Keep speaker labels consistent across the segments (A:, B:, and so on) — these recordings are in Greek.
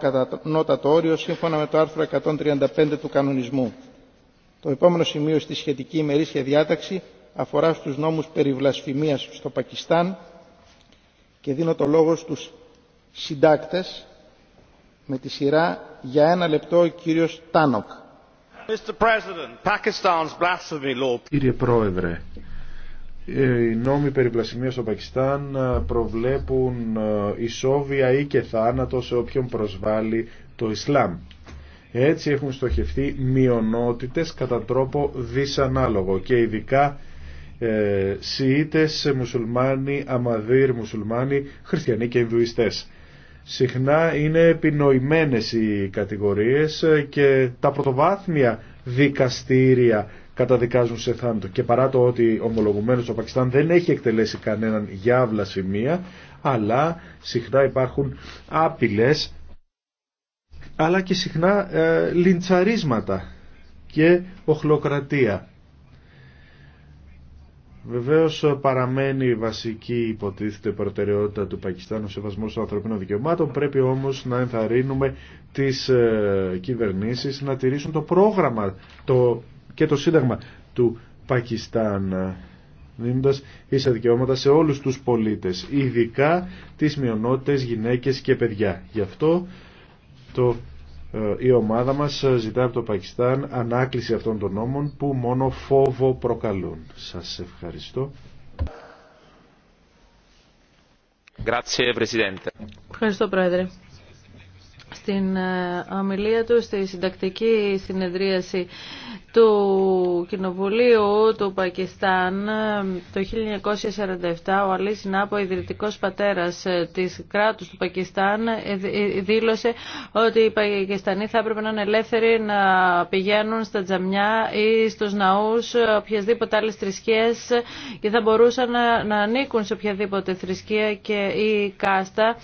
A: κατά νότατο όριο σύμφωνα με το άρθρο 135 του κανονισμού. Το επόμενο σημείο στη σχετική ημερήσια διάταξη αφορά στους νόμους περί βλασφημίας στο Πακιστάν και δίνω το λόγο στους συντάκτες με τη σειρά για ένα λεπτό ο κύριος Τάνοκ. Κύριε Πρόεδρε, ε, οι νόμοι περιπλασιμίας στο
B: Πακιστάν ε, προβλέπουν ε, ισόβια ή και θάνατο σε όποιον προσβάλλει το Ισλάμ. Έτσι έχουν στοχευτεί μειονότητες κατά τρόπο δυσανάλογο και ειδικά ε, Μουσουλμάνοι, Αμαδίρ, Μουσουλμάνοι, Χριστιανοί και Ινδουιστές. Συχνά είναι επινοημένες οι κατηγορίες και τα πρωτοβάθμια δικαστήρια καταδικάζουν σε θάνατο. Και παρά το ότι ομολογουμένως το Πακιστάν δεν έχει εκτελέσει κανέναν για σημεία αλλά συχνά υπάρχουν άπειλες, αλλά και συχνά ε, λιντσαρίσματα και οχλοκρατία. Βεβαίως ε, παραμένει η βασική υποτίθεται προτεραιότητα του Πακιστάν ο σεβασμός των ανθρωπίνων δικαιωμάτων. Πρέπει όμως να ενθαρρύνουμε τις ε, κυβερνήσεις να τηρήσουν το πρόγραμμα, το και το Σύνταγμα του Πακιστάν ε, δίνοντας ίσα δικαιώματα σε όλους τους πολίτες, ειδικά τις μειονότητες, γυναίκες και παιδιά. Γι' αυτό το, ε, η ομάδα μας ε, ζητά από το Πακιστάν ανάκληση αυτών των νόμων που μόνο φόβο προκαλούν. Σας ευχαριστώ.
C: Ευχαριστώ, Πρόεδρε. Στην ε, ομιλία του, στη συντακτική συνεδρίαση το Κοινοβουλίου του Πακιστάν ε, το 1947 ο Αλή Σινάπο, ιδρυτικός πατέρας ε, της κράτους του Πακιστάν ε, δήλωσε ότι οι Πακιστανοί θα έπρεπε να είναι ελεύθεροι να πηγαίνουν στα τζαμιά ή στους ναούς οποιασδήποτε άλλες θρησκείες και θα μπορούσαν να, να ανήκουν σε οποιαδήποτε θρησκεία και ή κάστα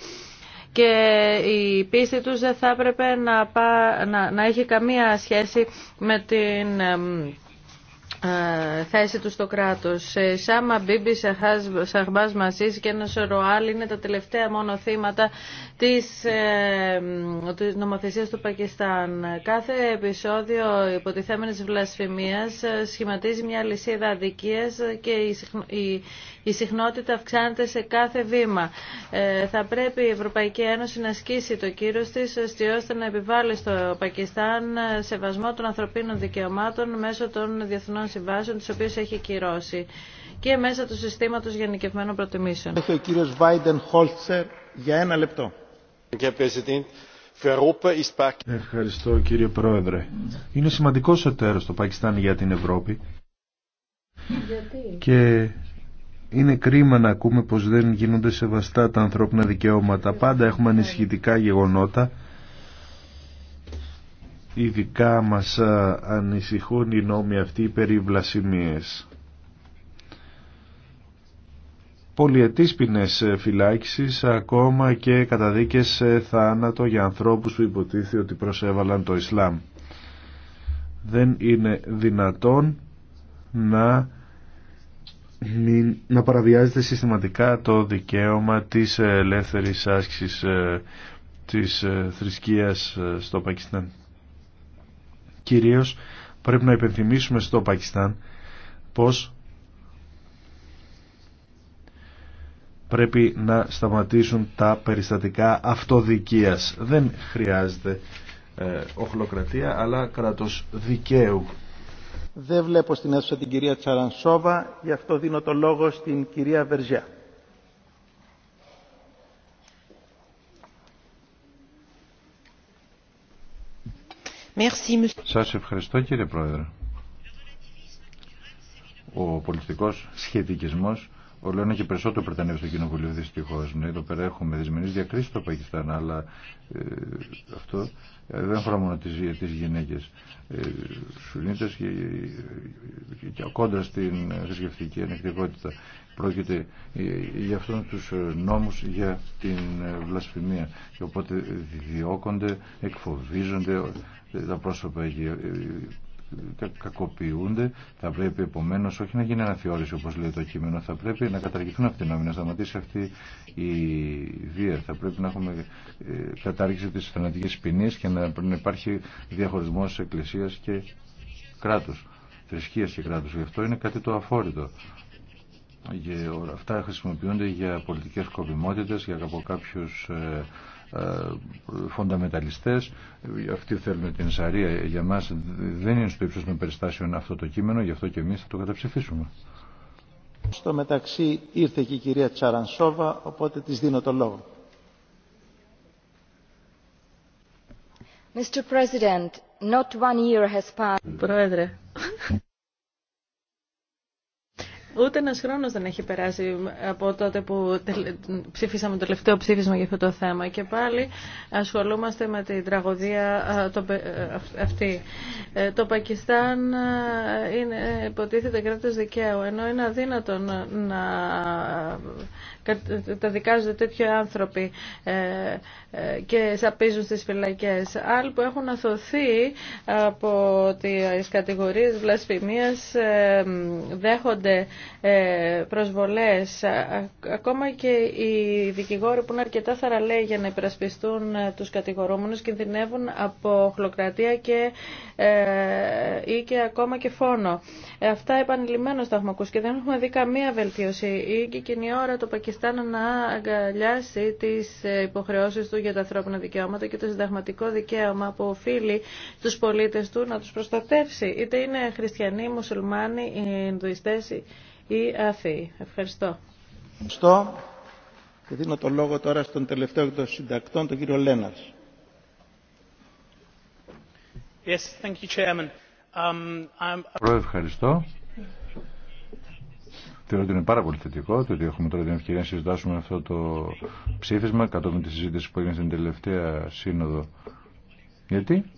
C: και η πίστη τους δεν θα έπρεπε να, να, έχει καμία σχέση με την ε, θέση του στο κράτος. Σάμα Μπίμπι Σαχμπάς Μασίς και ένας Ροάλ είναι τα τελευταία μόνο θύματα της, ε, της νομοθεσίας του Πακιστάν. Κάθε επεισόδιο υποτιθέμενης βλασφημίας ε, σχηματίζει μια λυσίδα αδικίας και η η συχνότητα αυξάνεται σε κάθε βήμα. Ε, θα πρέπει η Ευρωπαϊκή Ένωση να ασκήσει το κύρος της ώστε να επιβάλλει στο Πακιστάν ε, σεβασμό των ανθρωπίνων δικαιωμάτων μέσω των διεθνών συμβάσεων τις οποίες έχει κυρώσει και μέσα του συστήματος γενικευμένων προτιμήσεων.
A: Έχει ο κύριος Βάιντεν Χόλτσερ για ένα λεπτό.
B: Ευχαριστώ κύριε Πρόεδρε. Είναι σημαντικός εταίρος το Πακιστάν για την Ευρώπη. Γιατί? Είναι κρίμα να ακούμε πως δεν γίνονται σεβαστά τα ανθρώπινα δικαιώματα. Πάντα έχουμε ανησυχητικά γεγονότα. Ειδικά μας ανησυχούν οι νόμοι αυτοί περί βλασιμίες. Πολιετής ποινές ε, φυλάξει, ακόμα και καταδίκες σε θάνατο για ανθρώπους που υποτίθεται ότι προσέβαλαν το Ισλάμ. Δεν είναι δυνατόν να να παραβιάζεται συστηματικά το δικαίωμα της ελεύθερης άσκησης ε, της ε, θρησκείας ε, στο Πακιστάν. Κυρίως πρέπει να υπενθυμίσουμε στο Πακιστάν πως πρέπει να σταματήσουν τα περιστατικά αυτοδικίας. Δεν χρειάζεται οχλοκρατία αλλά κράτος δικαίου.
A: Δεν βλέπω στην αίθουσα την κυρία Τσαρανσόβα, γι' αυτό δίνω το λόγο στην κυρία Βερζιά.
D: Σας ευχαριστώ κύριε Πρόεδρε. Ο πολιτικός σχετικισμός Όλο και περισσότερο πρετανεύει στο Κοινοβουλίο δυστυχώ. Ναι, εδώ πέρα έχουμε δυσμενεί διακρίσει στο Πακιστάν, αλλά ε, αυτό ε, δεν αφορά μόνο τι τις γυναίκε. Ε, Σουνίτε και, και, ε, και κόντρα στην θρησκευτική ανεκτικότητα. Πρόκειται ε, για αυτόν του νόμου για την βλασφημία. Και οπότε διώκονται, εκφοβίζονται τα πρόσωπα κακοποιούνται. Θα πρέπει επομένω όχι να γίνει αναθεώρηση όπω λέει το κείμενο, θα πρέπει να καταργηθούν αυτοί οι νόμοι, να σταματήσει αυτή η βία. Θα πρέπει να έχουμε ε, κατάργηση τη θανατική ποινή και να υπάρχει διαχωρισμό εκκλησία και κράτου. Θρησκεία και κράτου. Γι' αυτό είναι κάτι το αφόρητο. αυτά χρησιμοποιούνται για πολιτικέ σκοπιμότητε, για από κάποιους ε, ε, φονταμεταλιστές. Αυτοί θέλουν την Σαρία. Για μας δεν είναι στο ύψος των περιστάσεων αυτό το κείμενο, γι' αυτό και εμείς θα το καταψηφίσουμε.
A: Στο μεταξύ ήρθε και η κυρία Τσαρανσόβα, οπότε της δίνω το λόγο.
C: Mr. Πρόεδρε, Ούτε ένα χρόνο δεν έχει περάσει από τότε που ψήφισαμε το τελευταίο ψήφισμα για αυτό το θέμα. Και πάλι ασχολούμαστε με την τραγωδία ε, αυτή. Ε, το Πακιστάν είναι υποτίθεται κράτο δικαίου, ενώ είναι αδύνατο να τα δικάζονται τέτοιοι άνθρωποι ε, και σαπίζουν στις φυλακές. Άλλοι που έχουν αθωθεί από τις κατηγορίες βλασφημίας δέχονται ε, προσβολές, ακόμα και οι δικηγόροι που είναι αρκετά θαραλέοι για να υπερασπιστούν ε, τους κατηγορούμενους κινδυνεύουν από χλοκρατία και, ε, ή και ακόμα και φόνο. αυτά επανειλημμένως τα έχουμε ακούσει και δεν έχουμε δει καμία βελτίωση. Ή και η ώρα το Πακιστάν να αγκαλιάσει τις υποχρεώσεις του για τα ανθρώπινα δικαιώματα και το συνταγματικό δικαίωμα που οφείλει τους πολίτες του να τους προστατεύσει. Είτε είναι χριστιανοί, μουσουλμάνοι, Ινδουιστές ή Ευχαριστώ.
A: Ευχαριστώ. Και δίνω το λόγο τώρα στον τελευταίο των συντακτών, τον κύριο Λέναρς. Yes, thank you, Chairman. Um, I'm...
D: ευχαριστώ. Θεωρώ ότι είναι πάρα πολύ θετικό το ότι έχουμε τώρα την ευκαιρία να συζητάσουμε αυτό το ψήφισμα κατόπιν τη συζήτηση που έγινε στην τελευταία σύνοδο. Γιατί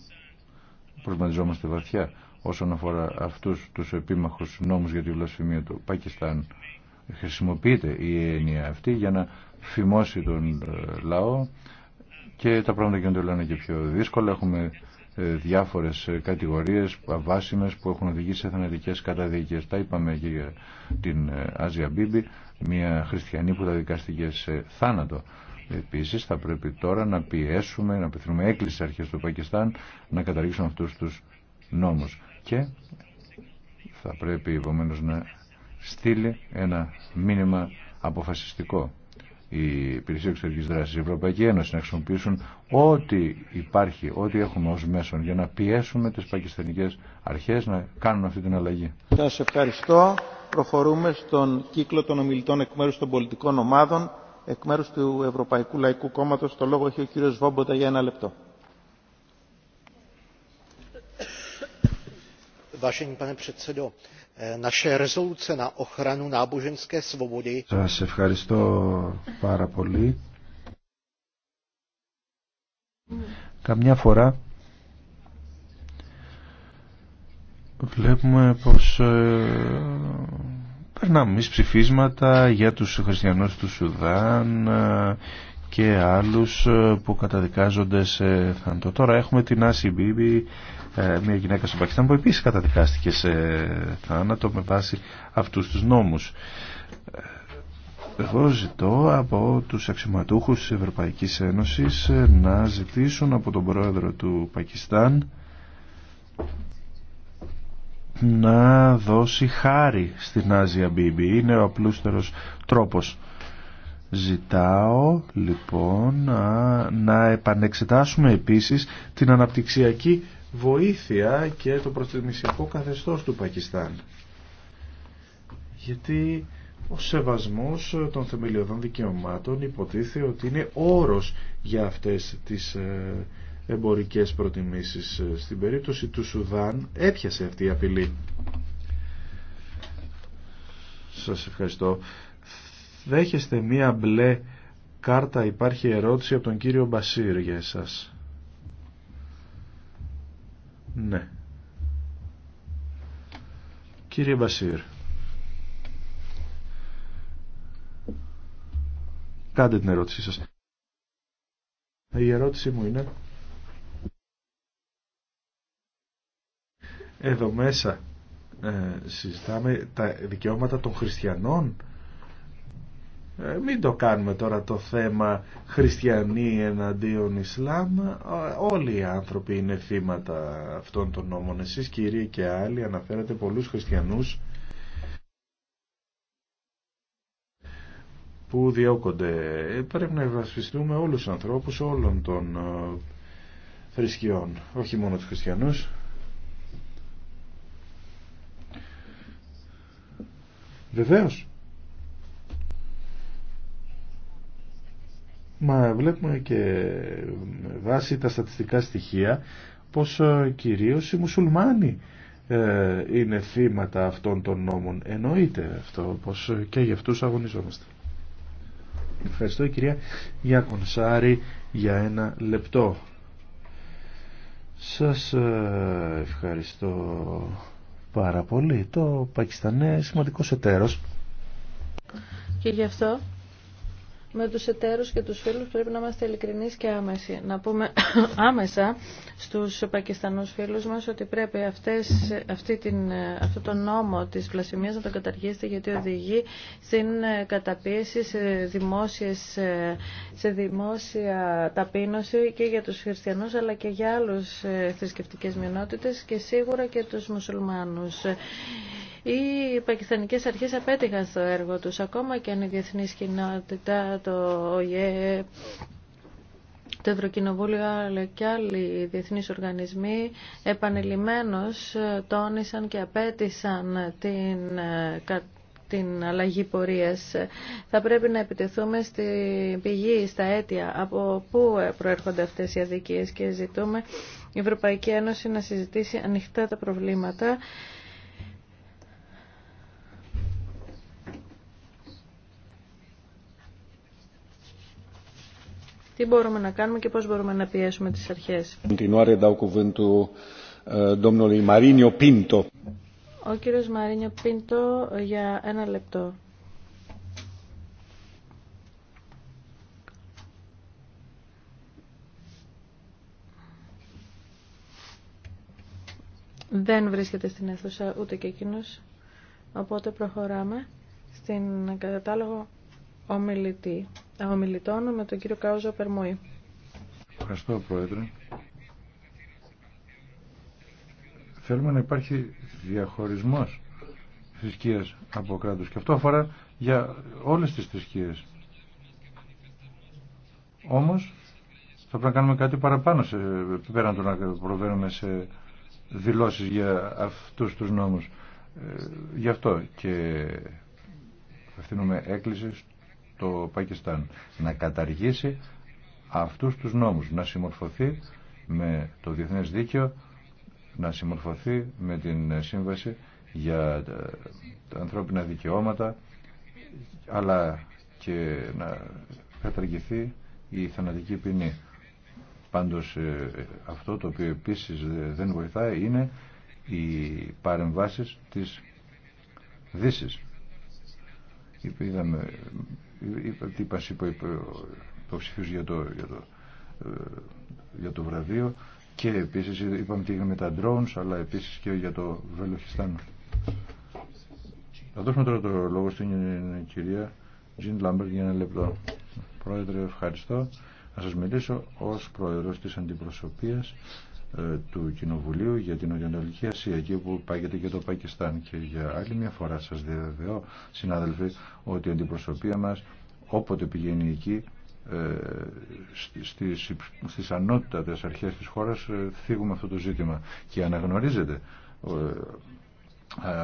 D: προβληματιζόμαστε βαθιά όσον αφορά αυτούς τους επίμαχους νόμους για τη βλασφημία του Πακιστάν. Χρησιμοποιείται η έννοια αυτή για να φημώσει τον ε, λαό και τα πράγματα γίνονται λένε και πιο δύσκολα. Έχουμε ε, διάφορες ε, κατηγορίες βάσιμες που έχουν οδηγήσει σε θανατικές καταδίκες. Τα είπαμε και για την Άζια Μπίμπη, μια χριστιανή που τα δικαστηκε σε θάνατο. Επίσης θα πρέπει τώρα να πιέσουμε, να απευθύνουμε έκκληση αρχέ αρχές του Πακιστάν να καταργήσουν αυτού τους νόμους και θα πρέπει επομένω να στείλει ένα μήνυμα αποφασιστικό η Υπηρεσία εξωτερική δράση, η Ευρωπαϊκή Ένωση να χρησιμοποιήσουν ό,τι υπάρχει, ό,τι έχουμε ω μέσον για να πιέσουμε τι πακιστανικέ αρχέ να κάνουν αυτή την αλλαγή.
A: Σα ευχαριστώ. Προχωρούμε στον κύκλο των ομιλητών εκ μέρου των πολιτικών ομάδων. Εκ μέρου του Ευρωπαϊκού Λαϊκού Κόμματο, το λόγο έχει ο κύριο Βόμποτα για ένα λεπτό. pane eh,
B: Σας ευχαριστώ πάρα πολύ. Καμιά φορά βλέπουμε πως ε, περνάμε εμείς ψηφίσματα για τους χριστιανούς του Σουδάν ε, και άλλους ε, που καταδικάζονται σε θάνατο. Τώρα έχουμε την Άση Μπίμπη, ε, μια γυναίκα στο Πακιστάν που επίσης καταδικάστηκε σε θάνατο με βάση αυτούς τους νόμους. Εγώ ζητώ από τους αξιωματούχους της Ευρωπαϊκής Ένωσης ε, να ζητήσουν από τον πρόεδρο του Πακιστάν να δώσει χάρη στην Άζια Μπίμπη. Είναι ο απλούστερος τρόπος Ζητάω λοιπόν να επανεξετάσουμε επίσης την αναπτυξιακή βοήθεια και το προστιμησιακό καθεστώς του Πακιστάν. Γιατί ο σεβασμός των θεμελιωδών δικαιωμάτων υποτίθεται ότι είναι όρος για αυτές τις ε, εμπορικές προτιμήσεις. Στην περίπτωση του Σουδάν έπιασε αυτή η απειλή. Σας ευχαριστώ. Δέχεστε μία μπλε κάρτα, υπάρχει ερώτηση από τον κύριο Μπασίρ για εσάς. Ναι. Κύριε Μπασίρ, κάντε την ερώτησή σας. Η ερώτησή μου είναι... Εδώ μέσα ε, συζητάμε τα δικαιώματα των χριστιανών ε, μην το κάνουμε τώρα το θέμα χριστιανοί εναντίον Ισλάμ. Ε, όλοι οι άνθρωποι είναι θύματα αυτών των νόμων. Εσείς κύριε και άλλοι αναφέρατε πολλούς χριστιανούς που διώκονται. Ε, πρέπει να ευασπιστούμε όλους τους ανθρώπους όλων των θρησκειών, όχι μόνο τους χριστιανούς. Βεβαίως. Μα βλέπουμε και βάσει τα στατιστικά στοιχεία πως ε, κυρίως οι μουσουλμάνοι ε, είναι θύματα αυτών των νόμων. Εννοείται αυτό πως ε, και για αυτούς αγωνιζόμαστε. Ευχαριστώ η κυρία Γιακονσάρη για ένα λεπτό. Σας ευχαριστώ πάρα πολύ. Το Πακιστανέ σημαντικό σημαντικός εταίρος.
C: Και γι' αυτό με τους εταίρους και τους φίλους πρέπει να είμαστε ειλικρινείς και άμεση. Να πούμε άμεσα στους Πακιστανούς φίλους μας ότι πρέπει αυτές, αυτή την, αυτό το νόμο της βλασιμίας να το καταργήσετε γιατί οδηγεί στην ε, καταπίεση σε, δημόσιες, ε, σε δημόσια ταπείνωση και για τους χριστιανούς αλλά και για άλλους ε, θρησκευτικές μειονότητες και σίγουρα και τους μουσουλμάνους. Οι πακιστανικές αρχές απέτυχαν στο έργο τους, ακόμα και αν η Διεθνή κοινότητα, το ΟΙΕ, το Ευρωκοινοβούλιο αλλά και άλλοι διεθνείς οργανισμοί επανειλημμένως τόνισαν και απέτησαν την την αλλαγή πορείας. Θα πρέπει να επιτεθούμε στη πηγή, στα αίτια, από πού προέρχονται αυτές οι αδικίες και ζητούμε η Ευρωπαϊκή Ένωση να συζητήσει ανοιχτά τα προβλήματα τι μπορούμε να κάνουμε και πώς μπορούμε να πιέσουμε τις αρχές.
B: Ε,
C: Ο κύριος Μαρίνιο Πίντο ε, για ένα λεπτό. Δεν βρίσκεται στην αίθουσα ούτε και εκείνος, οπότε προχωράμε στην ε, κατάλογο ομιλητή ομιλητών με τον κύριο Κάουζο Περμόη.
D: Ευχαριστώ, Πρόεδρε. Θέλουμε να υπάρχει διαχωρισμός θρησκείας από κράτους και αυτό αφορά για όλες τις θρησκείες. Όμως θα πρέπει να κάνουμε κάτι παραπάνω σε, πέραν του να προβαίνουμε σε δηλώσεις για αυτούς τους νόμους. Ε, γι' αυτό και ευθύνουμε έκκληση το Πακιστάν να καταργήσει αυτούς τους νόμους, να συμμορφωθεί με το διεθνές δίκαιο, να συμμορφωθεί με την σύμβαση για τα ανθρώπινα δικαιώματα, αλλά και να καταργηθεί η θανατική ποινή. Πάντως ε, αυτό το οποίο επίσης δεν βοηθάει είναι οι παρεμβάσεις της Δύσης. Είδαμε τι μας είπε το για το, για, το, ε, για το βραβείο και επίσης είπαμε τι έγινε με τα drones αλλά επίσης και για το Βελοχιστάν. Θα δώσουμε τώρα το λόγο στην ε, κυρία Τζιν Λάμπερτ για ένα λεπτό. Πρόεδρε, ευχαριστώ. Να σας μιλήσω ως πρόεδρος της αντιπροσωπείας ε, του Κοινοβουλίου για την Οριανατολική Ασία, εκεί που πάγεται και το Πακιστάν. Και για άλλη μια φορά σας διαβεβαιώ, συνάδελφοι, ότι η αντιπροσωπεία μας όποτε πηγαίνει εκεί ε, στις, στις ανώτατες αρχές της χώρας ε, θίγουμε αυτό το ζήτημα και αναγνωρίζεται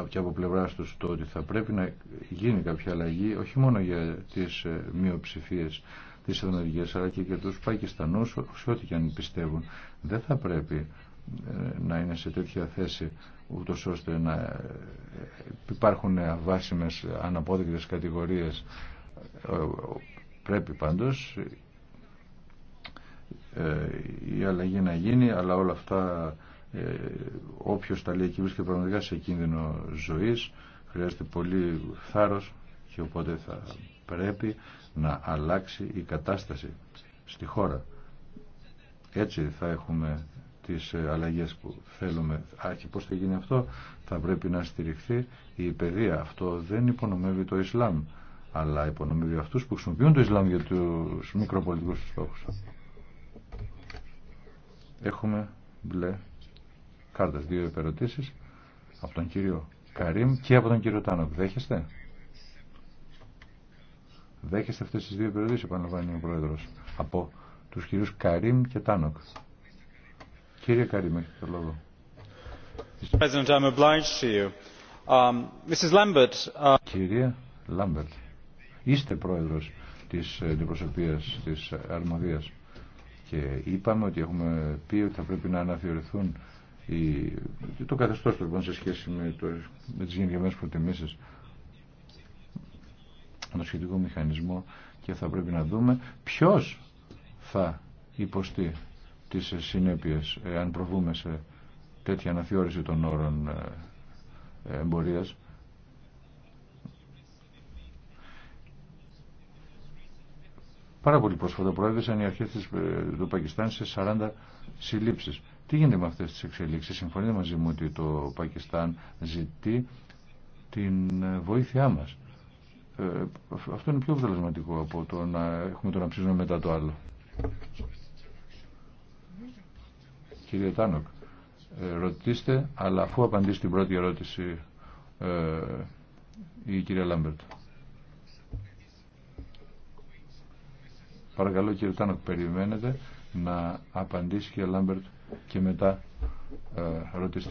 D: και από πλευρά τους το ότι θα πρέπει να γίνει κάποια αλλαγή όχι μόνο για τις μειοψηφίες τις εθνοτικές αλλά και για τους Πακιστανούς σε ό,τι και αν πιστεύουν δεν θα πρέπει ε, να είναι σε τέτοια θέση ούτως ώστε να ε, υπάρχουν βάσιμες αναπόδεικτες κατηγορίες ε, πρέπει πάντως η αλλαγή να γίνει αλλά όλα αυτά όποιος τα λέει εκεί βρίσκεται πραγματικά σε κίνδυνο ζωής χρειάζεται πολύ θάρρος και οπότε θα πρέπει να αλλάξει η κατάσταση στη χώρα έτσι θα έχουμε τις ε, αλλαγές που θέλουμε. Α, και πώς θα γίνει αυτό. Θα πρέπει να στηριχθεί η παιδεία. Αυτό δεν υπονομεύει το Ισλάμ, αλλά υπονομεύει αυτούς που χρησιμοποιούν το Ισλάμ για τους μικροπολιτικούς στόχους. Έχουμε μπλε κάρτες, δύο υπερωτήσεις από τον κύριο Καρίμ και από τον κύριο Τάνοκ. Δέχεστε. Δέχεστε αυτές τις δύο υπερωτήσεις, επαναλαμβάνει ο Πρόεδρος. Από τους κυρίους Καρίμ και Τάνοκ. Κύριε Καρίμ, έχετε το λόγο. Um, uh, Κυρία Λάμπερτ, είστε πρόεδρος της αντιπροσωπείας της Αρμοδίας και είπαμε ότι έχουμε πει ότι θα πρέπει να αναθεωρηθούν το καθεστώς λοιπόν σε σχέση με, το... με τις γενικευμένες προτιμήσεις με το σχετικό μηχανισμό και θα πρέπει να δούμε ποιος θα υποστεί τις συνέπειες ε, αν προβούμε σε τέτοια αναθεώρηση των όρων ε, εμπορίας. Πάρα πολύ πρόσφατα προέδεσαν οι αρχές ε, του Πακιστάν σε 40 συλλήψεις. Τι γίνεται με αυτές τις εξελίξεις. Συμφωνείτε μαζί μου ότι το Πακιστάν ζητεί την βοήθειά μας. αυτό είναι πιο αποτελεσματικό από το να έχουμε το να ψήσουμε μετά το άλλο. Κύριε Τάνοκ, ε, ρωτήστε, αλλά αφού απαντήσει την πρώτη ερώτηση ε, η κυρία Λάμπερτ. Παρακαλώ κύριε Τάνοκ, περιμένετε να απαντήσει η κυρία Λάμπερτ και μετά ε, ρωτήστε.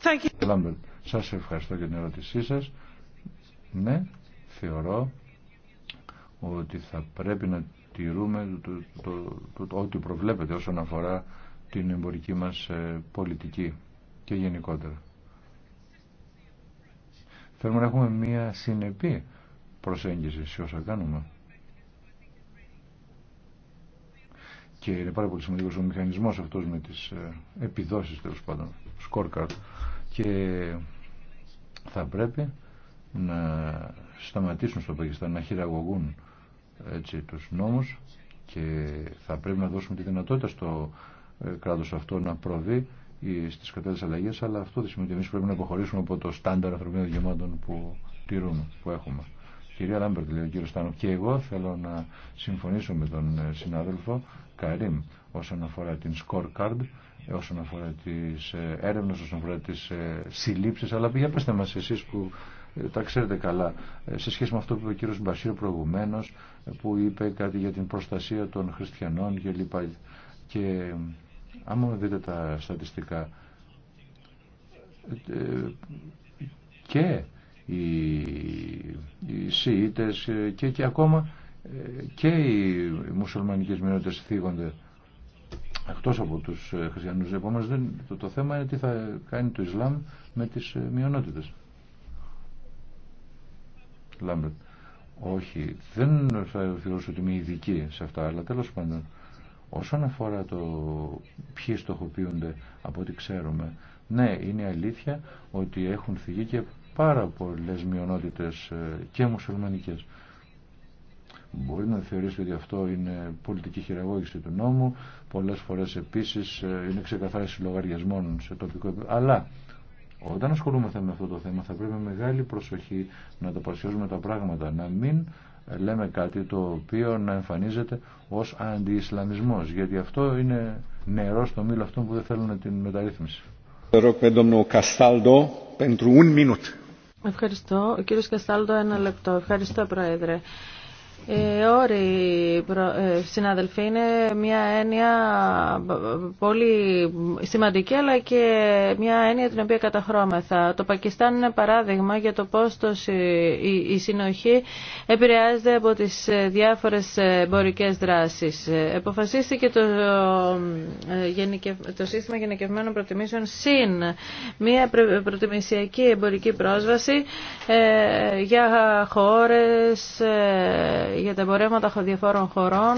D: Um, σας ευχαριστώ για την ερώτησή σας. Ναι, θεωρώ ότι θα πρέπει να τηρούμε το, το, ό,τι προβλέπεται όσον αφορά την εμπορική μας ε, πολιτική και γενικότερα. Θέλουμε να έχουμε μία συνεπή προσέγγιση σε όσα κάνουμε. Και είναι πάρα πολύ σημαντικός ο μηχανισμός αυτός με τις ε, επιδόσεις τέλο πάντων, scorecard. Και θα πρέπει να σταματήσουν στο Πακιστάν να χειραγωγούν έτσι, τους νόμους και θα πρέπει να δώσουμε τη δυνατότητα στο ε, κράτος αυτό να προβεί στις κατάλληλες αλλαγές, αλλά αυτό δεν σημαίνει ότι εμείς πρέπει να αποχωρήσουμε από το στάνταρ ανθρωπίνων δικαιωμάτων που τηρούμε, που έχουμε. Κυρία Λάμπερτ, λέει ο κύριο Στάνο, και εγώ θέλω να συμφωνήσω με τον ε, συνάδελφο Καρύμ όσον αφορά την scorecard, ε, όσον αφορά τις έρευνες, όσον αφορά τις συλλήψεις, αλλά για μα μας εσείς που τα ξέρετε καλά, ε, σε σχέση με αυτό που είπε ο κύριος Μπασίρ προηγουμένως, ε, που είπε κάτι για την προστασία των χριστιανών και λοιπά ε, και άμα δείτε τα στατιστικά, και οι, οι ΣΥΙΤΕΣ και, και ακόμα και οι μουσουλμανικές μειονότητες θίγονται εκτός από τους χριστιανούς. Επομένως το, το θέμα είναι τι θα κάνει το Ισλάμ με τις μειονότητες. Λάμπερτ. Όχι, δεν θα θεωρήσω ότι είμαι ειδική σε αυτά, αλλά τέλος πάντων, όσον αφορά το ποιοι στοχοποιούνται από ό,τι ξέρουμε, ναι, είναι αλήθεια ότι έχουν θυγεί και πάρα πολλέ μειονότητε ε, και μουσουλμανικές. Μπορεί να θεωρήσει ότι αυτό είναι πολιτική χειραγώγηση του νόμου, πολλές φορές επίσης ε, είναι ξεκαθάριση λογαριασμών σε τοπικό επίπεδο, αλλά όταν ασχολούμαστε με αυτό το θέμα θα πρέπει με μεγάλη προσοχή να το παρουσιάζουμε τα πράγματα, να μην λέμε κάτι το οποίο να εμφανίζεται ως αντιισλαμισμός, γιατί αυτό είναι νερό στο μήλο αυτών που δεν θέλουν την μεταρρύθμιση.
C: Ευχαριστώ. Ο κύριος Καστάλτο, ένα λεπτό. Ευχαριστώ, Πρόεδρε. Οι ε, όροι, ε, συναδελφοί, είναι μια έννοια πολύ σημαντική, αλλά και μια έννοια την οποία καταχρώμεθα. Το Πακιστάν είναι παράδειγμα για το πώς η συνοχή επηρεάζεται από τις διάφορες εμπορικές δράσεις. Εποφασίστηκε το, ε, το σύστημα γενικευμένων προτιμήσεων συν μια προτιμησιακή εμπορική πρόσβαση για χώρες για τα εμπορεύματα διαφόρων χωρών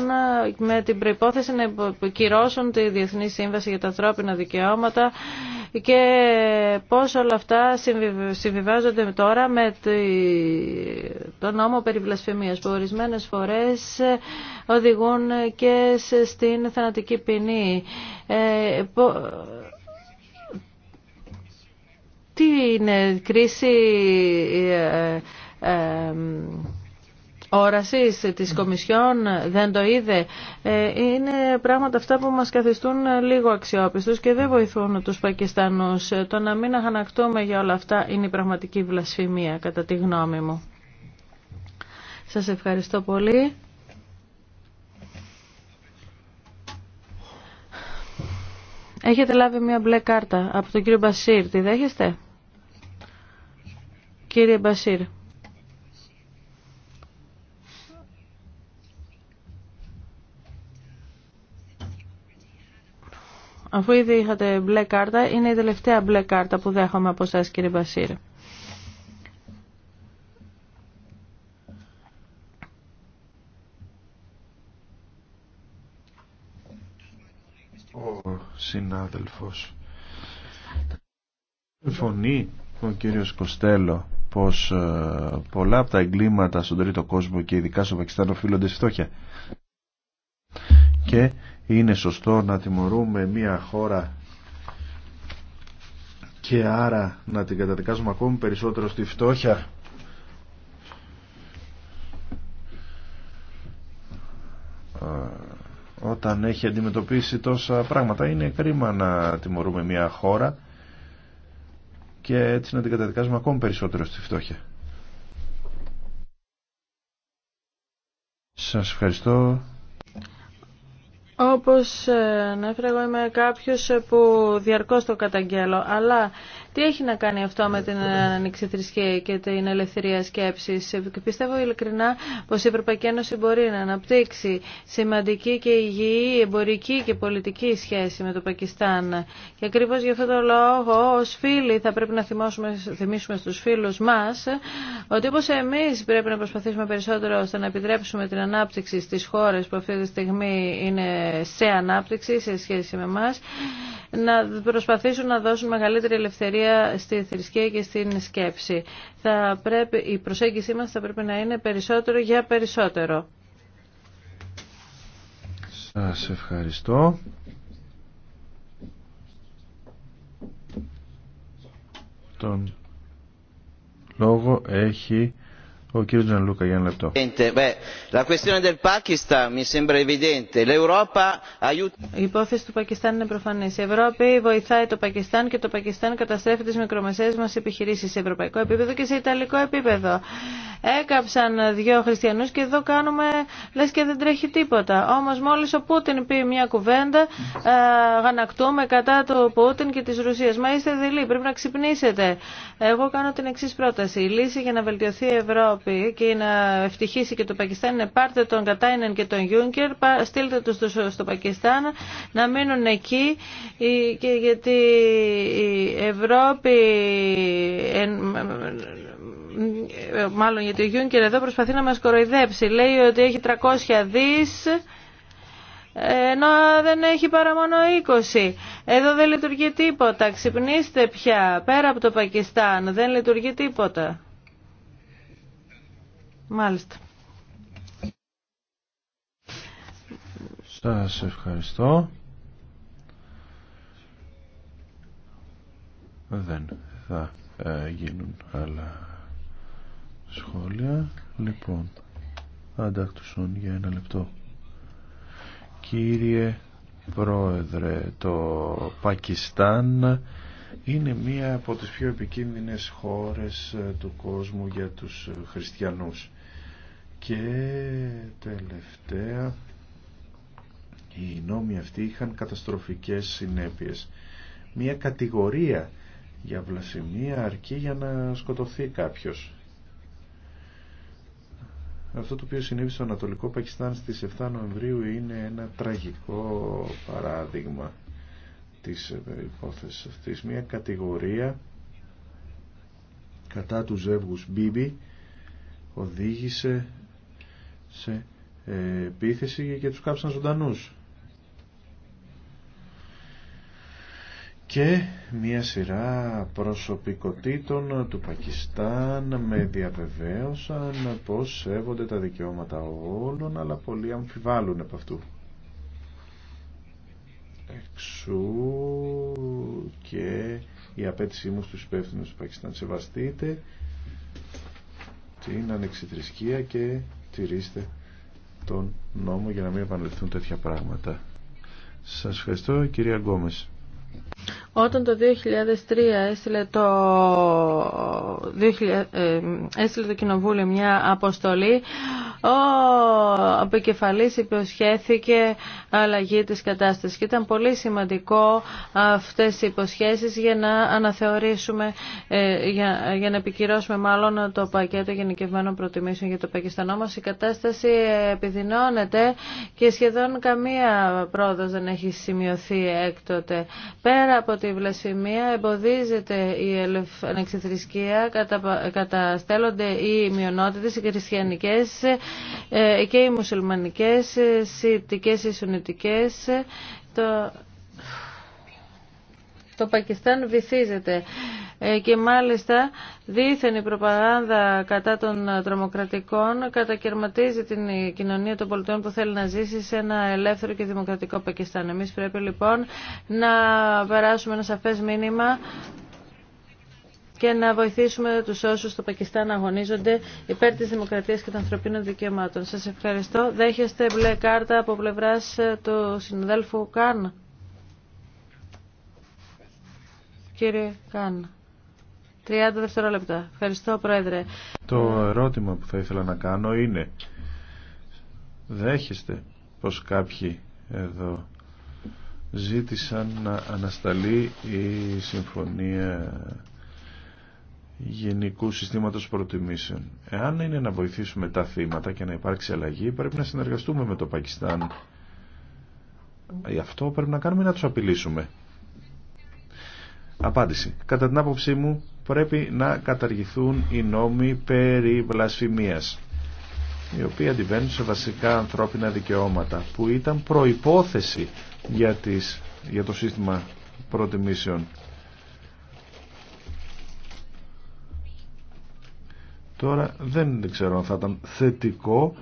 C: με την προϋπόθεση να κυρώσουν τη Διεθνή Σύμβαση για τα ανθρώπινα δικαιώματα και πώς όλα αυτά συμβιβάζονται τώρα με το νόμο περί βλασφημίας που ορισμένες φορές οδηγούν και στην θανατική ποινή. Ε, τι είναι κρίση ε, ε, όραση της Κομισιόν δεν το είδε. Ε, είναι πράγματα αυτά που μας καθιστούν λίγο αξιόπιστους και δεν βοηθούν τους Πακιστανούς. Το να μην αγανακτούμε για όλα αυτά είναι η πραγματική βλασφημία κατά τη γνώμη μου. Σας ευχαριστώ πολύ. Έχετε λάβει μια μπλε κάρτα από τον κύριο Μπασίρ. Τη δέχεστε? Κύριε Μπασίρ. Αφού ήδη είχατε μπλε κάρτα, είναι η τελευταία μπλε κάρτα που δέχομαι από εσά, κύριε Μπασίρ.
B: Ο συνάδελφος συμφωνεί ο κύριος Κοστέλο πως ε, πολλά από τα εγκλήματα στον τρίτο κόσμο και ειδικά στο Πακιστάν οφείλονται στη φτώχεια και είναι σωστό να τιμωρούμε μια χώρα και άρα να την καταδικάζουμε ακόμη περισσότερο στη φτώχεια όταν έχει αντιμετωπίσει τόσα πράγματα είναι κρίμα να τιμωρούμε μια χώρα και έτσι να την καταδικάζουμε ακόμη περισσότερο στη φτώχεια Σας ευχαριστώ
C: όπως ε, ανέφερα εγώ είμαι κάποιος που διαρκώς το καταγγέλλω, αλλά τι έχει να κάνει αυτό με την ανοιξή θρησκεία και την ελευθερία σκέψης. Πιστεύω ειλικρινά πω η Ευρωπαϊκή Ένωση μπορεί να αναπτύξει σημαντική και υγιή εμπορική και πολιτική σχέση με το Πακιστάν. Και ακριβώ γι' αυτό το λόγο ω φίλοι θα πρέπει να θυμίσουμε στου φίλου μα, ότι όπω εμεί πρέπει να προσπαθήσουμε περισσότερο ώστε να επιτρέψουμε την ανάπτυξη στι χώρε που αυτή τη στιγμή είναι σε ανάπτυξη σε σχέση με εμά, να προσπαθήσουν να δώσουν μεγαλύτερη ελευθερία στη θρησκεία και στην σκέψη. Θα πρέπει, η προσέγγιση μας θα πρέπει να είναι περισσότερο για περισσότερο.
B: Σας ευχαριστώ. Τον λόγο έχει ο
C: Τζανλούκα για ένα λεπτό. Η υπόθεση του Πακιστάν είναι προφανή. Η Ευρώπη βοηθάει το Πακιστάν και το Πακιστάν καταστρέφει τι μικρομεσαίε μα επιχειρήσει σε ευρωπαϊκό επίπεδο και σε ιταλικό επίπεδο. Έκαψαν δύο χριστιανού και εδώ κάνουμε λε και δεν τρέχει τίποτα. Όμω μόλι ο Πούτιν πει μια κουβέντα, ε, γανακτούμε κατά του Πούτιν και τη Ρουσία. Μα είστε δειλοί, πρέπει να ξυπνήσετε. Εγώ κάνω την εξή πρόταση. Η λύση για να βελτιωθεί η Ευρώπη και να ευτυχήσει και το Πακιστάν είναι πάρτε τον Κατάινεν και τον Γιούνκερ, στείλτε τους στο Πακιστάν να μείνουν εκεί και γιατί η Ευρώπη μάλλον γιατί ο Γιούνκερ εδώ προσπαθεί να μας κοροϊδέψει λέει ότι έχει 300 δις ενώ δεν έχει παρά μόνο 20. Εδώ δεν λειτουργεί τίποτα. Ξυπνήστε πια. Πέρα από το Πακιστάν δεν λειτουργεί τίποτα. Μάλιστα.
B: Σας ευχαριστώ. Δεν θα ε, γίνουν άλλα σχόλια. Λοιπόν, αντάκτουσον για ένα λεπτό. Κύριε Πρόεδρε, το Πακιστάν είναι μία από τις πιο επικίνδυνες χώρες ε, του κόσμου για τους ε, χριστιανούς. Και τελευταία οι νόμοι αυτοί είχαν καταστροφικές συνέπειες. Μία κατηγορία για βλασιμία αρκεί για να σκοτωθεί κάποιος. Αυτό το οποίο συνέβη στο Ανατολικό Πακιστάν στις 7 Νοεμβρίου είναι ένα τραγικό παράδειγμα της ε, υπόθεσης αυτής μια κατηγορία κατά του ζεύγους Μπίμπι οδήγησε σε ε, επίθεση και τους κάψαν ζωντανούς και μια σειρά προσωπικότητων του Πακιστάν με διαβεβαίωσαν πως σέβονται τα δικαιώματα όλων αλλά πολλοί αμφιβάλλουν από αυτού Εξού και η απέτησή μου στους υπεύθυνους του Πακιστάν. Σεβαστείτε την ανεξιθρησκεία και τηρήστε τον νόμο για να μην επαναληφθούν τέτοια πράγματα. Σας ευχαριστώ κυρία Γκόμες.
C: Όταν το 2003 έστειλε το, 2000, ε, έστειλε το Κοινοβούλιο μια αποστολή ο αποκεφαλής υποσχέθηκε αλλαγή της κατάστασης. Και ήταν πολύ σημαντικό αυτές οι υποσχέσεις για να αναθεωρήσουμε, ε, για, για να επικυρώσουμε μάλλον το πακέτο γενικευμένων προτιμήσεων για το Πακιστάν. Όμως η κατάσταση επιδεινώνεται και σχεδόν καμία πρόοδος δεν έχει σημειωθεί έκτοτε. Πέρα από τη βλασφημία εμποδίζεται η ανεξιθρησκεία, καταστέλλονται οι μειονότητες, οι χριστιανικές, ε, και οι μουσουλμανικές, ε, σιτικές, οι σουνιτικές. Ε, το... Το Πακιστάν βυθίζεται και μάλιστα δίθεν η προπαγάνδα κατά των τρομοκρατικών κατακαιρματίζει την κοινωνία των πολιτών που θέλει να ζήσει σε ένα ελεύθερο και δημοκρατικό Πακιστάν. Εμείς πρέπει λοιπόν να περάσουμε ένα σαφές μήνυμα και να βοηθήσουμε τους όσους στο Πακιστάν αγωνίζονται υπέρ της δημοκρατίας και των ανθρωπίνων δικαιωμάτων. Σας ευχαριστώ. Δέχεστε μπλε κάρτα από πλευράς ε, του συνδέλφου Καν. Κύριε Καν. 30 δευτερόλεπτα. Ευχαριστώ, Πρόεδρε.
B: Το ερώτημα που θα ήθελα να κάνω είναι δέχεστε πως κάποιοι εδώ ζήτησαν να ανασταλεί η συμφωνία γενικού συστήματος προτιμήσεων. Εάν είναι να βοηθήσουμε τα θύματα και να υπάρξει αλλαγή, πρέπει να συνεργαστούμε με το Πακιστάν. Γι' αυτό πρέπει να κάνουμε να τους απειλήσουμε. Απάντηση. Κατά την άποψή μου πρέπει να καταργηθούν οι νόμοι περί βλασφημίας οι οποίοι αντιβαίνουν σε βασικά ανθρώπινα δικαιώματα που ήταν προϋπόθεση για, τις, για το σύστημα προτιμήσεων Τώρα δεν ξέρω αν θα ήταν θετικό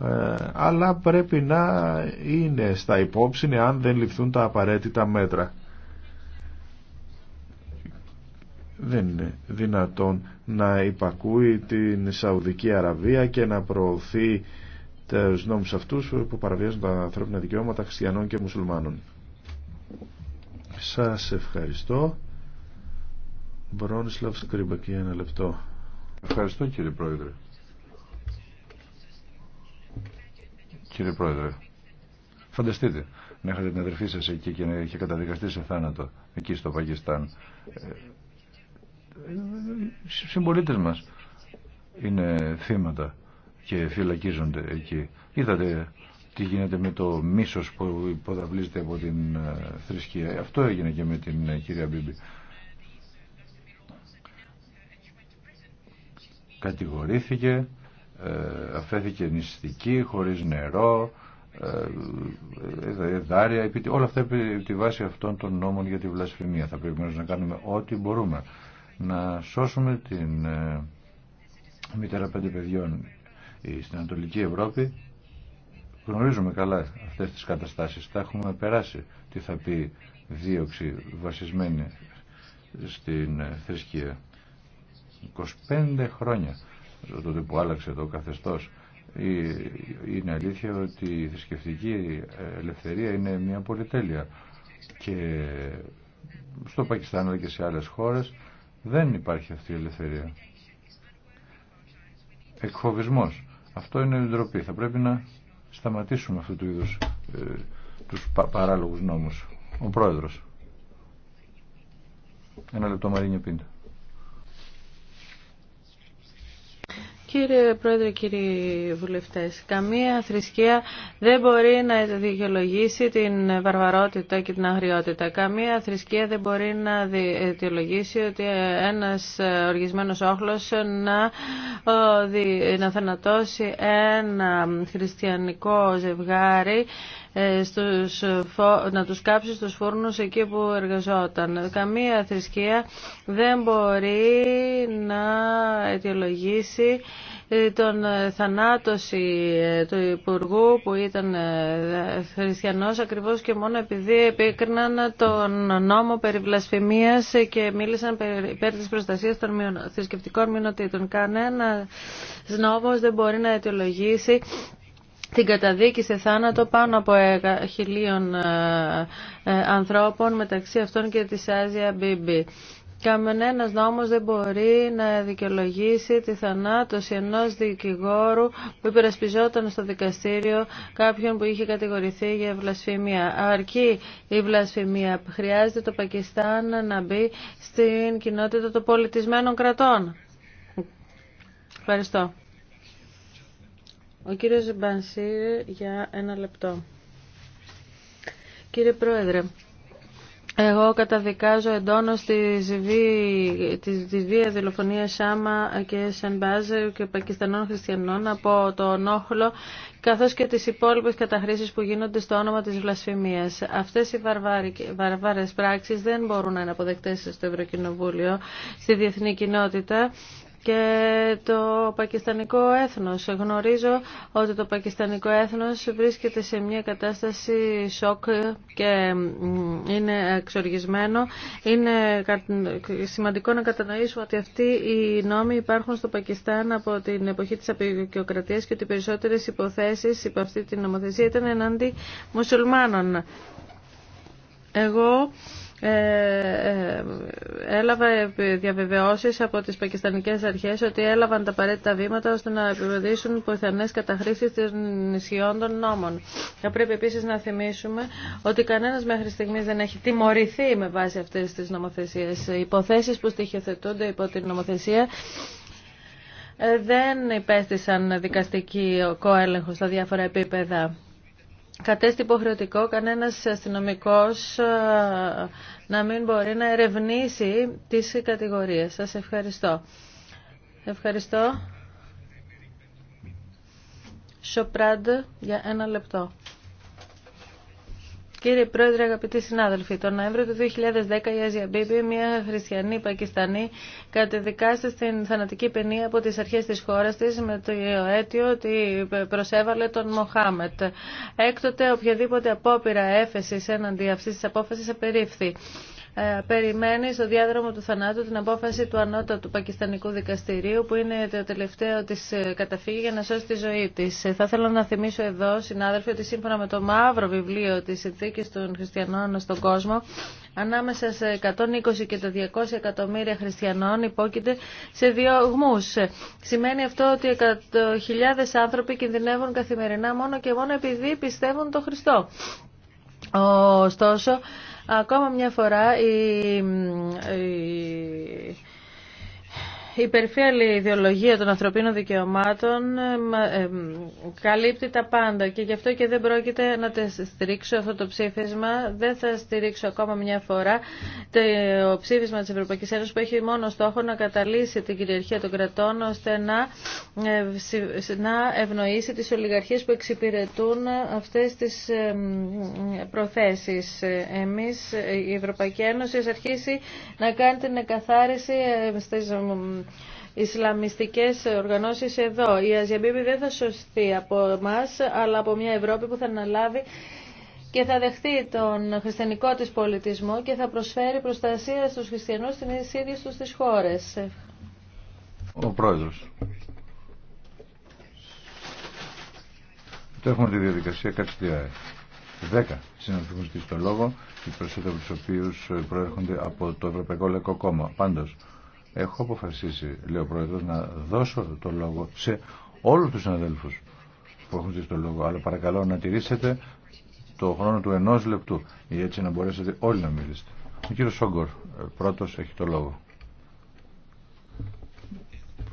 B: ε, αλλά πρέπει να είναι στα υπόψη αν δεν ληφθούν τα απαραίτητα μέτρα. Δεν είναι δυνατόν να υπακούει την Σαουδική Αραβία και να προωθεί τους νόμους αυτούς που παραβιάζουν τα ανθρώπινα δικαιώματα χριστιανών και μουσουλμάνων. Σας ευχαριστώ. Μπρόνισλαβ Σκρίμπακη, ένα λεπτό. Ευχαριστώ κύριε Πρόεδρε. Κύριε Πρόεδρε, φανταστείτε
D: να είχατε την αδερφή σας εκεί και να είχε καταδικαστεί σε θάνατο εκεί στο Πακιστάν. Ε, ε, Συμπολίτε μας είναι θύματα και φυλακίζονται εκεί. Είδατε τι γίνεται με το μίσος που υποδαβλίζεται από την ε, θρησκεία. Αυτό έγινε και με την κυρία Μπίμπη. κατηγορήθηκε, ε, αφέθηκε νηστική, χωρίς νερό, ε, ε, δάρια, όλα αυτά επί τη βάση αυτών των νόμων για τη βλασφημία. Θα πρέπει να κάνουμε ό,τι μπορούμε. Να σώσουμε την μητέρα πέντε παιδιών στην Ανατολική Ευρώπη. Γνωρίζουμε καλά αυτές τις καταστάσεις. Τα έχουμε περάσει. Τι θα πει δίωξη βασισμένη στην θρησκεία. 25 χρόνια τότε που άλλαξε το καθεστώς είναι αλήθεια ότι η θρησκευτική ελευθερία είναι μια πολυτέλεια και στο Πακιστάν αλλά και σε άλλες χώρες δεν υπάρχει αυτή η ελευθερία. Εκφοβισμός. Αυτό είναι η ντροπή. Θα πρέπει να σταματήσουμε αυτού του είδους ε, τους πα, παράλογους νόμους. Ο πρόεδρος. Ένα λεπτό Μαρίνια Πίντα.
C: Κύριε Πρόεδρε, κύριοι βουλευτές, καμία θρησκεία δεν μπορεί να δικαιολογήσει την βαρβαρότητα και την αγριότητα. Καμία θρησκεία δεν μπορεί να δικαιολογήσει ότι ένας οργισμένος όχλος να, να θανατώσει ένα χριστιανικό ζευγάρι ε, να τους κάψει στους φούρνους εκεί που εργαζόταν. Καμία θρησκεία δεν μπορεί να αιτιολογήσει ε, τον ε, θανάτωση του Υπουργού που ήταν χριστιανός ακριβώς και μόνο επειδή επίκριναν τον νόμο περί βλασφημίας και μίλησαν υπέρ της προστασίας των θρησκευτικών μηνοτήτων. Κανένα νόμος δεν μπορεί να αιτιολογήσει την καταδίκη σε θάνατο πάνω από χιλίων ε, ε, ανθρώπων μεταξύ αυτών και της Άζια Μπίμπι. Καμενένας νόμος δεν μπορεί να δικαιολογήσει τη θανάτωση ενός δικηγόρου που υπερασπιζόταν στο δικαστήριο κάποιον που είχε κατηγορηθεί για βλασφημία. Αρκεί η βλασφημία. Χρειάζεται το Πακιστάν να μπει στην κοινότητα των πολιτισμένων κρατών. Ευχαριστώ. Ο κύριος Μπανσίρ για ένα λεπτό. Κύριε Πρόεδρε, εγώ καταδικάζω εντόνως τη βία τη βία δολοφονία Σάμα και Σανμπάζερ και Πακιστανών χριστιανών από τον όχλο καθώς και τις υπόλοιπες καταχρήσεις που γίνονται στο όνομα της βλασφημίας. Αυτές οι βαρβάρες πράξεις δεν μπορούν να είναι αποδεκτές στο Ευρωκοινοβούλιο, στη διεθνή κοινότητα και το πακιστανικό έθνος. Γνωρίζω ότι το πακιστανικό έθνος βρίσκεται σε μια κατάσταση σοκ και είναι εξοργισμένο. Είναι σημαντικό να κατανοήσουμε ότι αυτοί οι νόμοι υπάρχουν στο Πακιστάν από την εποχή της απεικιοκρατίας και ότι οι περισσότερες υποθέσεις υπό αυτή την νομοθεσία ήταν εναντί μουσουλμάνων. Εγώ ε, ε, έλαβα διαβεβαιώσεις από τις πακιστανικές αρχές ότι έλαβαν τα απαραίτητα βήματα ώστε να επιβεβαιώσουν πιθανές καταχρήσεις των ισχυών των νόμων. Θα πρέπει επίσης να θυμίσουμε ότι κανένας μέχρι στιγμής δεν έχει τιμωρηθεί με βάση αυτές τις νομοθεσίες. Οι υποθέσεις που στοιχειοθετούνται υπό την νομοθεσία ε, δεν υπέστησαν δικαστική κόελεγχο στα διάφορα επίπεδα κατέστη υποχρεωτικό κανένας αστυνομικός ε, να μην μπορεί να ερευνήσει τις κατηγορίες. Σας ευχαριστώ. Ευχαριστώ. Σοπράντ για ένα λεπτό. Κύριε Πρόεδρε, αγαπητοί συνάδελφοι, τον Νοέμβριο του 2010 η Άζια μια χριστιανή Πακιστανή, κατεδικάστηκε στην θανατική ποινή από τις αρχές της χώρας της με το αίτιο ότι προσέβαλε τον Μοχάμετ. Έκτοτε οποιαδήποτε απόπειρα έφεση έναντι αυτής τη απόφασης απερίφθη. Ε, περιμένει στο διάδρομο του θανάτου την απόφαση του ανώτατου Πακιστανικού Δικαστηρίου που είναι το τελευταίο της ε, καταφύγει για να σώσει τη ζωή της. Ε, θα ήθελα να θυμίσω εδώ, συνάδελφοι, ότι σύμφωνα με το μαύρο βιβλίο τη συνθήκη των χριστιανών στον κόσμο, ανάμεσα σε 120 και τα 200 εκατομμύρια χριστιανών υπόκειται σε διωγμούς. Σημαίνει αυτό ότι χιλιάδες άνθρωποι κινδυνεύουν καθημερινά μόνο και μόνο επειδή πιστεύουν τον Χριστό. Ωστόσο, Ακόμα μια φορά η, η περιφέρεια ιδεολογία των ανθρωπίνων δικαιωμάτων ε, ε, καλύπτει τα πάντα και γι' αυτό και δεν πρόκειται να στηρίξω αυτό το ψήφισμα. Δεν θα στηρίξω ακόμα μια φορά το ψήφισμα της Ευρωπαϊκής Ένωσης που έχει μόνο στόχο να καταλύσει την κυριαρχία των κρατών ώστε να, ε, ευνοήσει τις ολιγαρχίες που εξυπηρετούν αυτές τις προθέσεις. Εμείς, η Ευρωπαϊκή Ένωση, αρχίσει να κάνει την εκαθάριση στις Ισλαμιστικές οργανώσεις εδώ. Η Αζιαμπίπη δεν θα σωστεί από εμά, αλλά από μια Ευρώπη που θα αναλάβει και θα δεχτεί τον χριστιανικό της πολιτισμό και θα προσφέρει προστασία στους χριστιανούς στην ίδιες τους τις χώρες.
D: Ο Πρόεδρος. Τώρα έχουμε τη διαδικασία κατσιτιάε. Δέκα συναντηθούν στο λόγο, οι περισσότεροι από του οποίου προέρχονται από το Ευρωπαϊκό Λαϊκό Κόμμα. Πάντως, Έχω αποφασίσει, λέει ο Πρόεδρος, να δώσω το λόγο σε όλους τους συναδέλφους που έχουν ζήσει το λόγο. Αλλά παρακαλώ να τηρήσετε το χρόνο του ενός λεπτού, για έτσι να μπορέσετε όλοι να μιλήσετε. Ο κύριος Σόγκορ, ε, πρώτος, έχει το λόγο.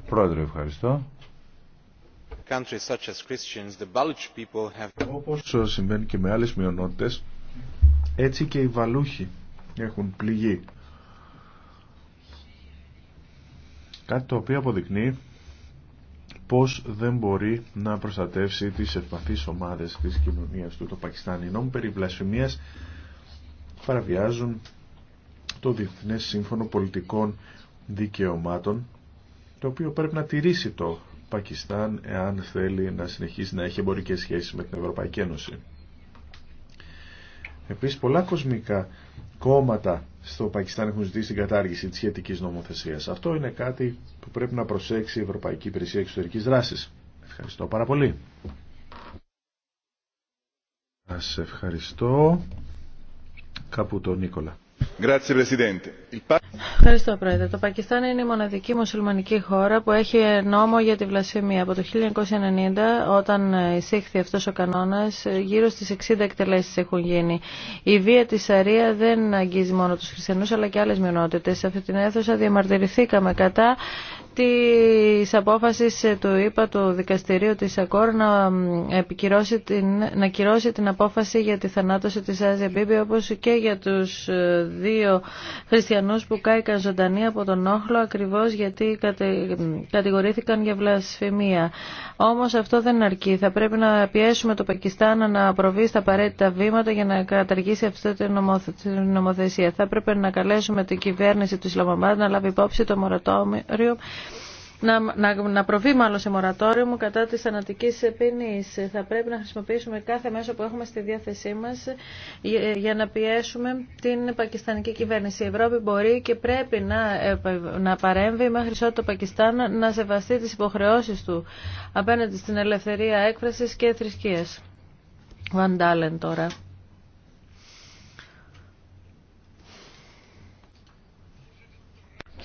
B: Πρόεδρε, ευχαριστώ. Όπως συμβαίνει και με άλλες μειονότητες, έτσι και οι Βαλούχοι έχουν πληγεί. Κάτι το οποίο αποδεικνύει πως δεν μπορεί να προστατεύσει τις ευπαθείς ομάδες της κοινωνίας του. Το Πακιστάν οι νόμοι περί βλασφημίας παραβιάζουν το Διεθνές Σύμφωνο Πολιτικών Δικαιωμάτων το οποίο πρέπει να τηρήσει το Πακιστάν εάν θέλει να συνεχίσει να έχει εμπορικές σχέσεις με την Ευρωπαϊκή Ένωση. Επίσης πολλά κοσμικά κόμματα στο Πακιστάν έχουν ζητήσει την κατάργηση τη σχετική νομοθεσία. Αυτό είναι κάτι που πρέπει να προσέξει η Ευρωπαϊκή Υπηρεσία Εξωτερικής Δράσης. Ευχαριστώ πάρα πολύ. Σας ευχαριστώ. Κάπου τον Νίκολα.
C: Ευχαριστώ, Πρόεδρε. Το Πακιστάν είναι η μοναδική μουσουλμανική χώρα που έχει νόμο για τη βλασφημία. Από το 1990, όταν εισήχθη αυτός ο κανόνας, γύρω στις 60 εκτελέσεις έχουν γίνει. Η βία της Σαρία δεν αγγίζει μόνο τους χριστιανούς, αλλά και άλλες μειονότητες. Σε αυτή την αίθουσα διαμαρτυρηθήκαμε κατά της απόφασης του ΙΠΑ του δικαστηρίου της ΑΚΟΡ να, την, να κυρώσει την απόφαση για τη θανάτωση της Άζια Μπίμπη όπως και για τους ε, δύο χριστιανούς που κάηκαν ζωντανοί από τον όχλο ακριβώς γιατί κατε, κατηγορήθηκαν για βλασφημία. Όμως αυτό δεν αρκεί. Θα πρέπει να πιέσουμε το Πακιστάν να προβεί στα απαραίτητα βήματα για να καταργήσει αυτή την νομοθεσία. Θα πρέπει να καλέσουμε την κυβέρνηση του Ισλαμαμπάτ να λάβει υπόψη το μορατόριο να, να, να προβεί μάλλον σε μορατόριο μου κατά της θανατικής ποινή. Θα πρέπει να χρησιμοποιήσουμε κάθε μέσο που έχουμε στη διάθεσή μας για να πιέσουμε την πακιστανική κυβέρνηση. Η Ευρώπη μπορεί και πρέπει να, ε, να παρέμβει μέχρι ότου το Πακιστάν να σεβαστεί τις υποχρεώσεις του απέναντι στην ελευθερία έκφρασης και θρησκείας. Βαντάλεν τώρα.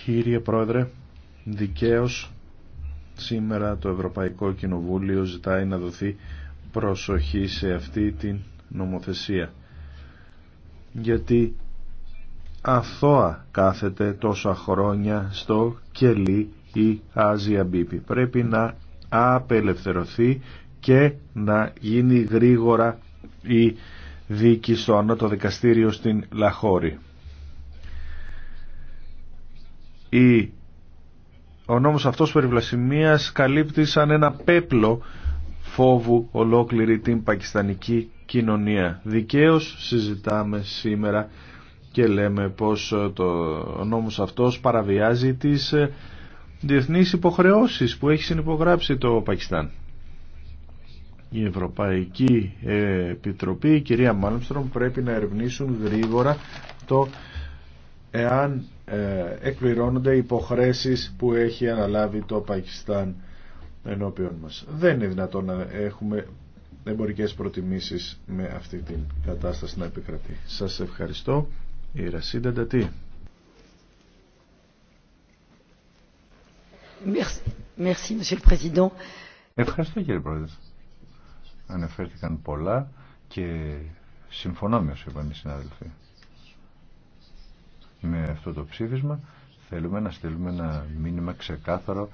B: Κύριε Πρόεδρε, Δικαίως σήμερα το Ευρωπαϊκό Κοινοβούλιο ζητάει να δοθεί προσοχή σε αυτή την νομοθεσία. Γιατί αθώα κάθεται τόσα χρόνια στο κελί η Άζια Μπίπη. Πρέπει να απελευθερωθεί και να γίνει γρήγορα η δίκη στο ανώτο δικαστήριο στην Λαχώρη. Η ο νόμος αυτός περί καλύπτει σαν ένα πέπλο φόβου ολόκληρη την πακιστανική κοινωνία. Δικαίως συζητάμε σήμερα και λέμε πως ε, το, ο νόμος αυτός παραβιάζει τις ε, διεθνείς υποχρεώσεις που έχει συνυπογράψει το Πακιστάν. Η Ευρωπαϊκή ε, Επιτροπή, η κυρία Μάλμστρομ, πρέπει να ερευνήσουν γρήγορα το εάν ε, εκπληρώνονται υποχρέσεις που έχει αναλάβει το Πακιστάν ενώπιον μας. Δεν είναι δυνατόν να έχουμε εμπορικές προτιμήσεις με αυτή την κατάσταση να επικρατεί. Σας ευχαριστώ. Η Ρασίντα Ντατή.
D: Ευχαριστώ κύριε Πρόεδρε. Αναφέρθηκαν πολλά και συμφωνώ με όσο είπαν οι συνάδελφοι με αυτό το ψήφισμα θέλουμε να στείλουμε ένα μήνυμα ξεκάθαρο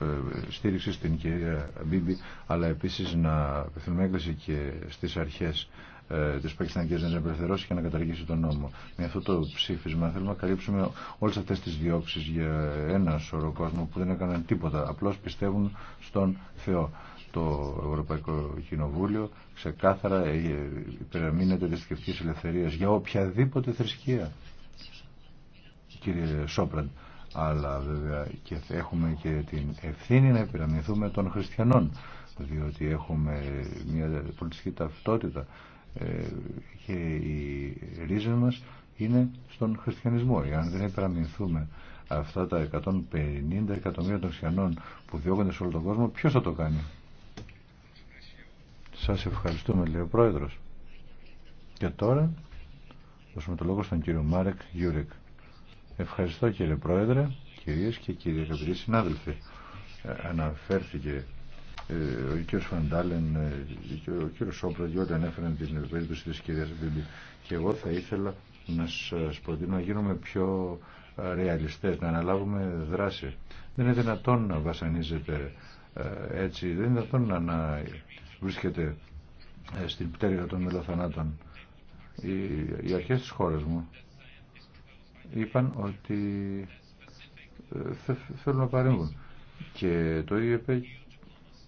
D: ε, στήριξη στην κυρία Μπίμπη αλλά επίσης να θέλουμε έκκληση και στις αρχές ε, τη Πακιστανική να απελευθερώσει και να καταργήσει τον νόμο. Με αυτό το ψήφισμα θέλουμε να καλύψουμε όλε αυτέ τι διώξει για ένα σωρό κόσμο που δεν έκαναν τίποτα. Απλώ πιστεύουν στον Θεό. Το Ευρωπαϊκό Κοινοβούλιο ξεκάθαρα ε, υπεραμείνεται τη θρησκευτική ελευθερία για οποιαδήποτε θρησκεία κύριε Σόπραν, αλλά βέβαια και έχουμε και την ευθύνη να τον των χριστιανών, διότι έχουμε μια πολιτική ταυτότητα ε, και οι ρίζα μας είναι στον χριστιανισμό. Εάν δεν επεραμεινθούμε αυτά τα 150 εκατομμύρια των χριστιανών που διώκονται σε όλο τον κόσμο, ποιος θα το κάνει. Σας ευχαριστούμε, λέει ο Πρόεδρος. Και τώρα δώσουμε το λόγο στον κύριο Μάρεκ Γιούρεκ. Ευχαριστώ κύριε Πρόεδρε, κυρίες και κύριοι αγαπητοί συνάδελφοι. Ε, αναφέρθηκε ε, ο κ. Φαντάλεν, ε, ο κ. Σόπρα, διότι ανέφεραν την περίπτωση της κυρίας Βίμπη. Και εγώ θα ήθελα να σας προτείνω να γίνουμε πιο ρεαλιστές, να αναλάβουμε δράση. Δεν είναι δυνατόν να βασανίζεται έτσι, δεν είναι δυνατόν να, βρίσκεται στην πτέρυγα των μελοθανάτων. Οι, οι αρχές της χώρας μου είπαν ότι ε, θέλουν να παρέμβουν. Και το ίδιο είπε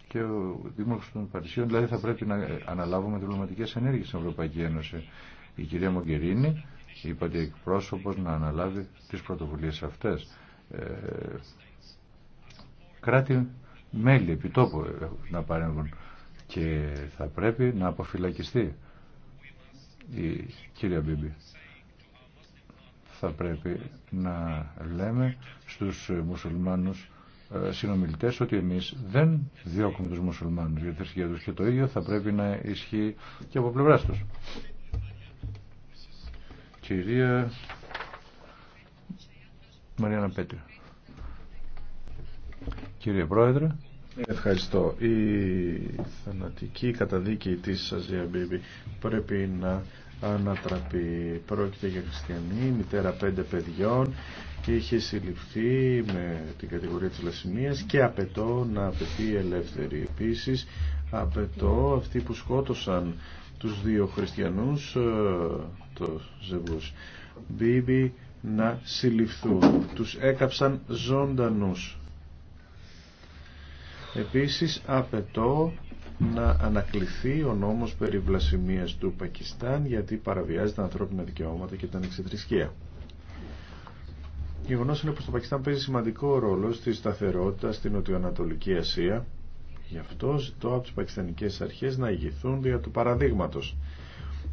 D: και ο Δήμαρχος των Παρισιών, δηλαδή θα πρέπει να αναλάβουμε διπλωματικές ενέργειες στην Ευρωπαϊκή Ένωση. Η κυρία Μογκερίνη είπε ότι εκπρόσωπος να αναλάβει τις πρωτοβουλίες αυτές. Ε, κράτη μέλη επιτόπου ε, να παρέμβουν και θα πρέπει να αποφυλακιστεί η κυρία Μπίμπη θα πρέπει να λέμε στους μουσουλμάνους ε, συνομιλητές ότι εμείς δεν διώκουμε τους μουσουλμάνους για τη θρησκεία τους και το ίδιο θα πρέπει να ισχύει και από πλευρά τους. Κυρία Μαριάννα Πέτρη.
B: Κύριε Πρόεδρε. Ευχαριστώ. Η θανατική καταδίκη της Αζία Μπίμπη πρέπει να ανατραπεί. Πρόκειται για χριστιανή, μητέρα πέντε παιδιών, και είχε συλληφθεί με την κατηγορία της λασιμίας και απαιτώ να απαιτεί ελεύθερη. Επίσης απαιτώ αυτοί που σκότωσαν τους δύο χριστιανούς, ε, το ζευγούς, Μπίμπι να συλληφθούν. Τους έκαψαν ζωντανούς. Επίσης απαιτώ να ανακληθεί ο νόμος περί βλασιμίας του Πακιστάν γιατί παραβιάζει τα ανθρώπινα δικαιώματα και την Η γνώση είναι πως το Πακιστάν παίζει σημαντικό ρόλο στη σταθερότητα στην Νοτιοανατολική Ασία. Γι' αυτό ζητώ από τις πακιστανικές αρχές να ηγηθούν δια του παραδείγματος,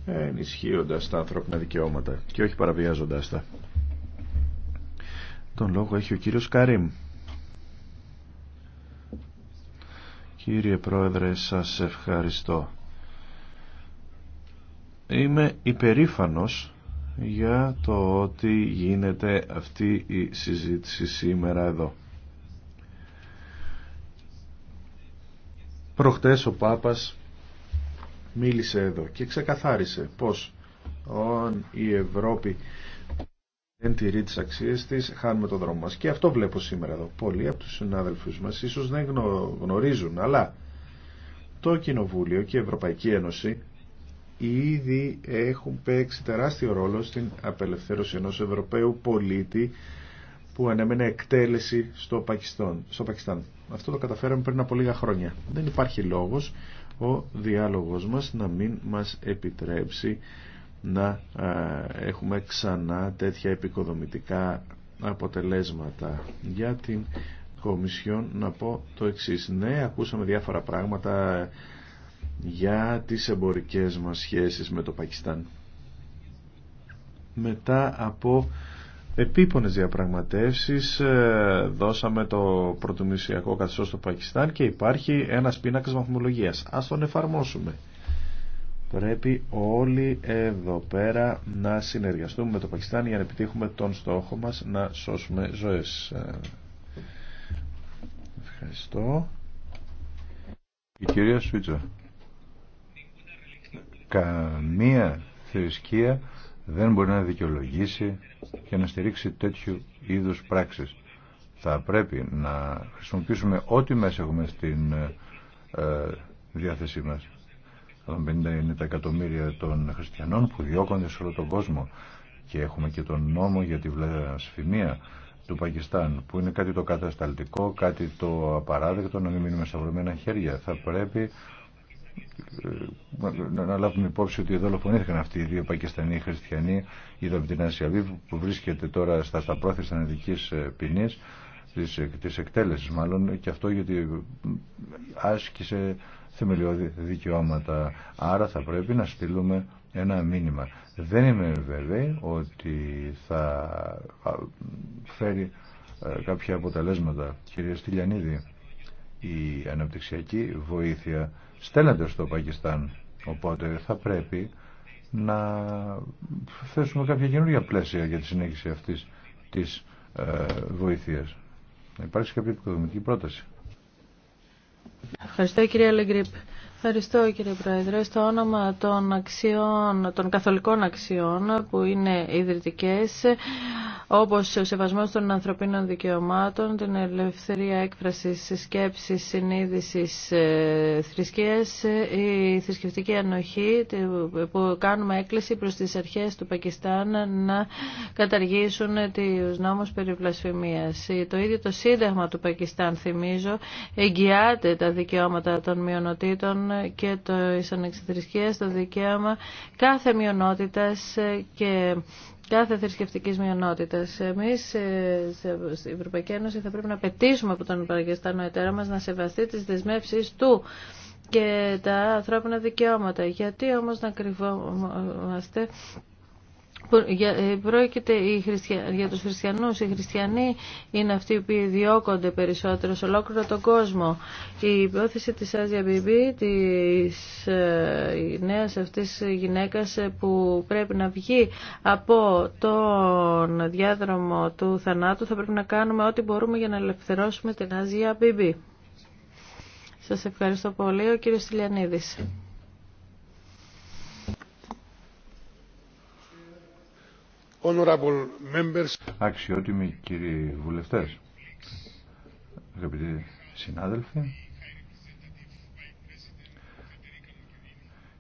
B: ε, ενισχύοντας τα ανθρώπινα δικαιώματα και όχι παραβιάζοντάς τα. Τον λόγο έχει ο κύριος Καρύμ. Κύριε Πρόεδρε, σας ευχαριστώ. Είμαι υπερήφανος για το ότι γίνεται αυτή η συζήτηση σήμερα εδώ. Προχτές ο Πάπας μίλησε εδώ και ξεκαθάρισε πως η Ευρώπη δεν τηρεί τις αξίες της, χάνουμε τον δρόμο μας. Και αυτό βλέπω σήμερα εδώ. Πολλοί από τους συνάδελφους μας ίσως δεν γνωρίζουν, αλλά το Κοινοβούλιο και η Ευρωπαϊκή Ένωση ήδη έχουν παίξει τεράστιο ρόλο στην απελευθέρωση ενός Ευρωπαίου πολίτη που ανέμενε εκτέλεση στο Πακιστάν. Στο Αυτό το καταφέραμε πριν από λίγα χρόνια. Δεν υπάρχει λόγος ο διάλογος μας να μην μας επιτρέψει να ε, έχουμε ξανά τέτοια επικοδομητικά αποτελέσματα. Για την Κομισιόν να πω το εξής. Ναι, ακούσαμε διάφορα πράγματα ε, για τις εμπορικές μας σχέσεις με το Πακιστάν. Μετά από επίπονες διαπραγματεύσεις ε, δώσαμε το πρωτομησιακό καθεστώς στο Πακιστάν και υπάρχει ένας πίνακας βαθμολογίας. Ας τον εφαρμόσουμε. Πρέπει όλοι εδώ πέρα να συνεργαστούμε με το Πακιστάν για να επιτύχουμε τον στόχο μας να σώσουμε ζωές. Ευχαριστώ. Η κυρία
D: Σουίτσα. Καμία θρησκεία δεν μπορεί να δικαιολογήσει και να στηρίξει τέτοιου είδους πράξεις. Θα πρέπει να χρησιμοποιήσουμε ό,τι μέσα έχουμε στην ε, διάθεσή μας. 150 είναι τα εκατομμύρια των χριστιανών που διώκονται σε όλο τον κόσμο και έχουμε και τον νόμο για τη βλασφημία του Πακιστάν που είναι κάτι το κατασταλτικό, κάτι το απαράδεκτο να μην μείνουμε σταυρωμένα χέρια. Θα πρέπει ε, να λάβουμε υπόψη ότι εδώ δολοφονήθηκαν αυτοί οι δύο Πακιστανοί οι χριστιανοί, είδα από την Ασιαβή που βρίσκεται τώρα στα, στα πρόθεση ανεδικής ε, ποινής, της, ε, της εκτέλεσης μάλλον, και αυτό γιατί άσκησε θεμελιώδη δικαιώματα. Άρα θα πρέπει να στείλουμε ένα μήνυμα. Δεν είμαι βέβαιη ότι θα φέρει ε, κάποια αποτελέσματα. Κυρία Στυλιανίδη, η αναπτυξιακή βοήθεια στέλνεται στο Πακιστάν. Οπότε θα πρέπει να θέσουμε κάποια καινούργια πλαίσια για τη συνέχιση αυτής της ε, βοήθειας. Να υπάρξει κάποια επικοδομητική πρόταση.
C: Ευχαριστώ κύριε Αλεγκρίπ. Ευχαριστώ κύριε Πρόεδρε. Στο όνομα των, αξιών, των καθολικών αξιών που είναι ιδρυτικές όπως ο σεβασμός των ανθρωπίνων δικαιωμάτων, την ελευθερία έκφρασης, σκέψης, συνείδησης, ε, θρησκείας, ε, η θρησκευτική ανοχή που κάνουμε έκκληση προς τις αρχές του Πακιστάν να καταργήσουν τους νόμους περί βλασφημίας. Ε, το ίδιο το Σύνταγμα του Πακιστάν, θυμίζω, εγγυάται τα δικαιώματα των μειονοτήτων και το ανεξιθρησκείας, το δικαίωμα κάθε μειονότητας και κάθε θρησκευτική μειονότητα. Εμεί ε, στην Ευρωπαϊκή Ένωση θα πρέπει να πετήσουμε από τον Παγκεστάνο εταίρο μα να σεβαστεί τι δεσμεύσει του και τα ανθρώπινα δικαιώματα. Γιατί όμω να κρυβόμαστε ε, πρόκειται για τους χριστιανούς. Οι χριστιανοί είναι αυτοί που διώκονται περισσότερο σε ολόκληρο τον κόσμο. Η υπόθεση της Άζια Μπιμπή, της ε, νέας αυτής γυναίκας ε, που πρέπει να βγει από τον διάδρομο του θανάτου, θα πρέπει να κάνουμε ό,τι μπορούμε για να ελευθερώσουμε την Άζια Μπιμπή. Σας ευχαριστώ πολύ. Ο κύριος Τηλιανίδης.
D: Αξιότιμοι κύριοι βουλευτές, αγαπητοί συνάδελφοι,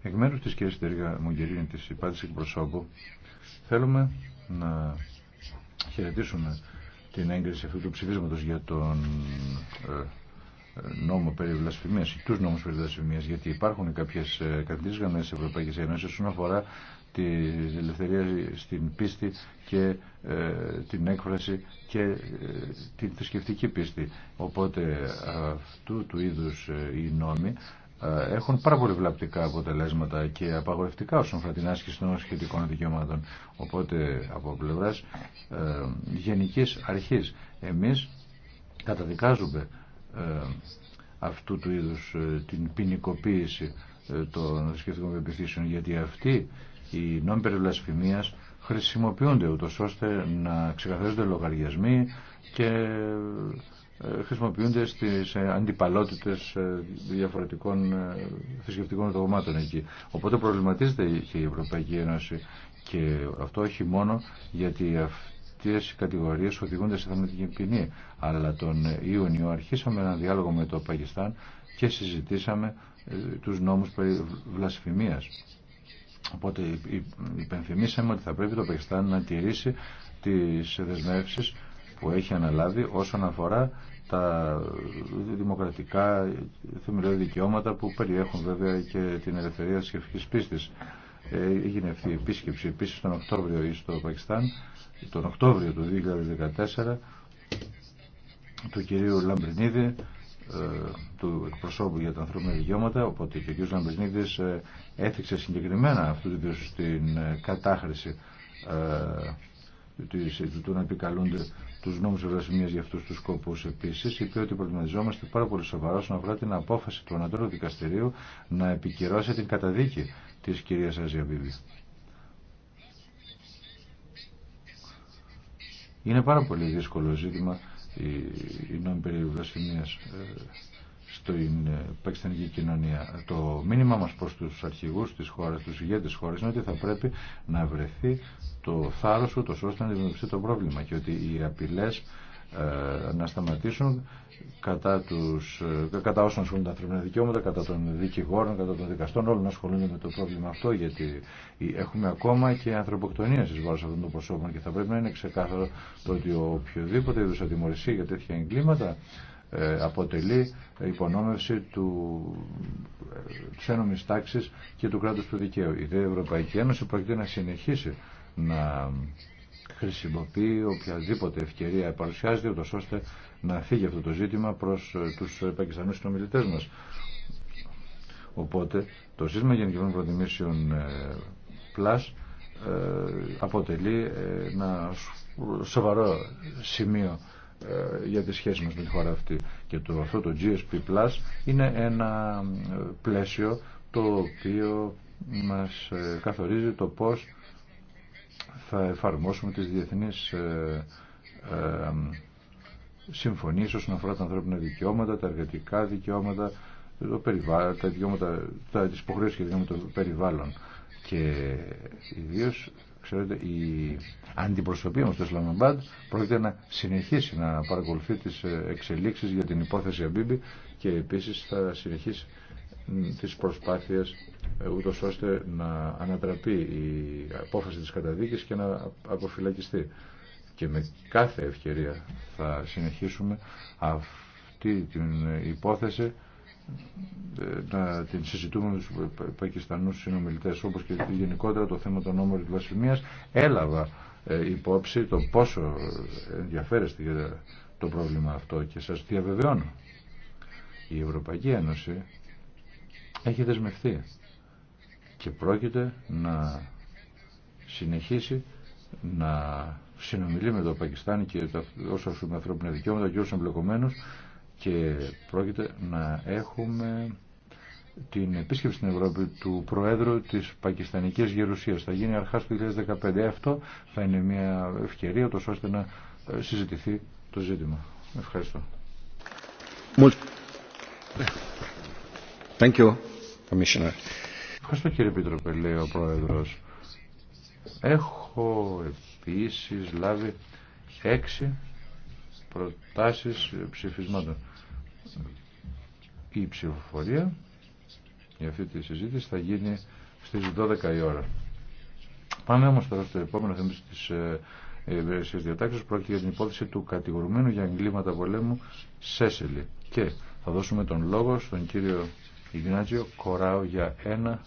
D: εκ μέρους της κυρίας Τερίγα Μογγερίνη της υπάτησης εκπροσώπου θέλουμε να χαιρετήσουμε την έγκριση αυτού του ψηφίσματος για τον ε, νόμο περί βλασφημίας ή τους νόμους περί βλασφημίας γιατί υπάρχουν κάποιες ε, καθημερινές γραμμές της Ευρωπαϊκής Ένωσης όσον αφορά την ελευθερία στην πίστη και ε, την έκφραση και ε, την θρησκευτική πίστη. Οπότε αυτού του είδους ε, οι νόμοι έχουν πάρα πολύ βλαπτικά αποτελέσματα και απαγορευτικά όσον αφορά την άσκηση των σχετικών δικαιωμάτων. Οπότε από πλευρά ε, γενική αρχή εμεί καταδικάζουμε αυτού του είδου την ποινικοποίηση των θρησκευτικών πεπιθήσεων γιατί αυτή οι νόμοι περί βλασφημίας χρησιμοποιούνται ούτως ώστε να ξεκαθαρίζονται λογαριασμοί και ε, χρησιμοποιούνται στις ε, αντιπαλότητες ε, διαφορετικών θρησκευτικών δογμάτων εκεί. Οπότε προβληματίζεται και η Ευρωπαϊκή Ένωση και αυτό όχι μόνο γιατί αυτές οι κατηγορίες οδηγούνται σε θανατική ποινή. Αλλά τον Ιούνιο αρχίσαμε ένα διάλογο με το Πακιστάν και συζητήσαμε τους νόμους περί βλασφημίας. Οπότε υπενθυμίσαμε ότι θα πρέπει το Πακιστάν να τηρήσει τις δεσμεύσεις που έχει αναλάβει όσον αφορά τα δημοκρατικά θεμελιώδη δικαιώματα που περιέχουν βέβαια και την ελευθερία τη πίστης. Ε, έγινε αυτή η επίσκεψη επίση τον Οκτώβριο στο Πακιστάν, τον Οκτώβριο του 2014 του κυρίου Λαμπρινίδη ε, του εκπροσώπου για τα ανθρώπινα δικαιώματα, οπότε και ο κ. Λαμπρινίδη ε, έθιξε συγκεκριμένα αυτού του στην ε, κατάχρηση του να επικαλούνται του νόμου Ευρωσημίας για αυτού του σκοπού. Επίση, είπε ότι προβληματιζόμαστε πάρα πολύ σοβαρά όσον αφορά την απόφαση του Ανατολικού Δικαστηρίου να επικυρώσει την καταδίκη τη κυρία Αζιαβίβη. Είναι πάρα πολύ δύσκολο ζήτημα οι, οι νόμοι περί βλασφημίας ε, στην ε, πακιστανική κοινωνία. Το μήνυμα μας προς τους αρχηγούς της χώρας, τους ηγέτες της χώρας, είναι ότι θα πρέπει να βρεθεί το θάρρος του, ώστε να αντιμετωπιστεί το πρόβλημα και ότι οι απειλές ε, να σταματήσουν κατά, τους, ε, κατά όσων ασχολούνται τα ανθρώπινα δικαιώματα, κατά των δικηγόρων, κατά των δικαστών, όλων ασχολούνται με το πρόβλημα αυτό, γιατί έχουμε ακόμα και ανθρωποκτονία στις βάρες αυτών των προσώπων και θα πρέπει να είναι ξεκάθαρο το ότι οποιοδήποτε είδους ατιμορρησία για τέτοια εγκλήματα ε, αποτελεί υπονόμευση του, της τάξη τάξης και του κράτους του δικαίου. Η Ευρωπαϊκή Ένωση πρέπει να συνεχίσει να χρησιμοποιεί οποιαδήποτε ευκαιρία παρουσιάζεται ούτως ώστε να φύγει αυτό το ζήτημα προς ε, τους πακιστανούς συνομιλητές μας. Οπότε το σύστημα γενικών προτιμήσεων ε, Plus ε, αποτελεί ένα σοβαρό σημείο για τις σχέσεις μας με τη χώρα αυτή και το, αυτό το GSP Plus είναι ένα πλαίσιο το οποίο μας καθορίζει το πώς θα εφαρμόσουμε τις διεθνείς ε, ε, συμφωνίες όσον αφορά τα ανθρώπινα δικαιώματα, τα εργατικά δικαιώματα, το τα δικαιώματα, τα, τις υποχρεώσεις και δικαιώματα των περιβάλλων. Και ιδίω ξέρετε, η αντιπροσωπεία μας στο Ισλαμαμπάντ πρόκειται να συνεχίσει να παρακολουθεί τις ε, εξελίξεις για την υπόθεση Αμπίμπη και επίσης θα συνεχίσει τις προσπάθειες ούτω ώστε να ανατραπεί η απόφαση της καταδίκης και να αποφυλακιστεί. Και με κάθε ευκαιρία θα συνεχίσουμε αυτή την υπόθεση ε, να την συζητούμε με τους Πακιστανούς συνομιλητές όπως και γενικότερα το θέμα των νόμων της έλαβα ε, υπόψη το πόσο ενδιαφέρεστε για το πρόβλημα αυτό και σας διαβεβαιώνω η Ευρωπαϊκή Ένωση έχει δεσμευτεί και πρόκειται να συνεχίσει να συνομιλεί με το Πακιστάν και όσο με ανθρώπινα δικαιώματα και όσο εμπλεκομένους και πρόκειται να έχουμε την επίσκεψη στην Ευρώπη του Προέδρου της Πακιστανικής Γερουσίας. Θα γίνει αρχάς του 2015. Αυτό θα είναι μια ευκαιρία τόσο ώστε να ε, συζητηθεί το ζήτημα. Ευχαριστώ. Thank you, Commissioner. Ευχαριστώ κύριε Επίτροπε, λέει ο Πρόεδρος. Έχω επίσης λάβει έξι προτάσεις ψηφισμάτων. Η ψηφοφορία για αυτή τη συζήτηση θα γίνει στις 12 η ώρα. Πάμε όμως τώρα στο επόμενο θέμα της ευρεσίας διατάξεως. Πρόκειται για την υπόθεση του κατηγορουμένου για εγκλήματα πολέμου Σέσελη. Και θα δώσουμε τον λόγο στον κύριο Ιγνάτζιο Κοράου για ένα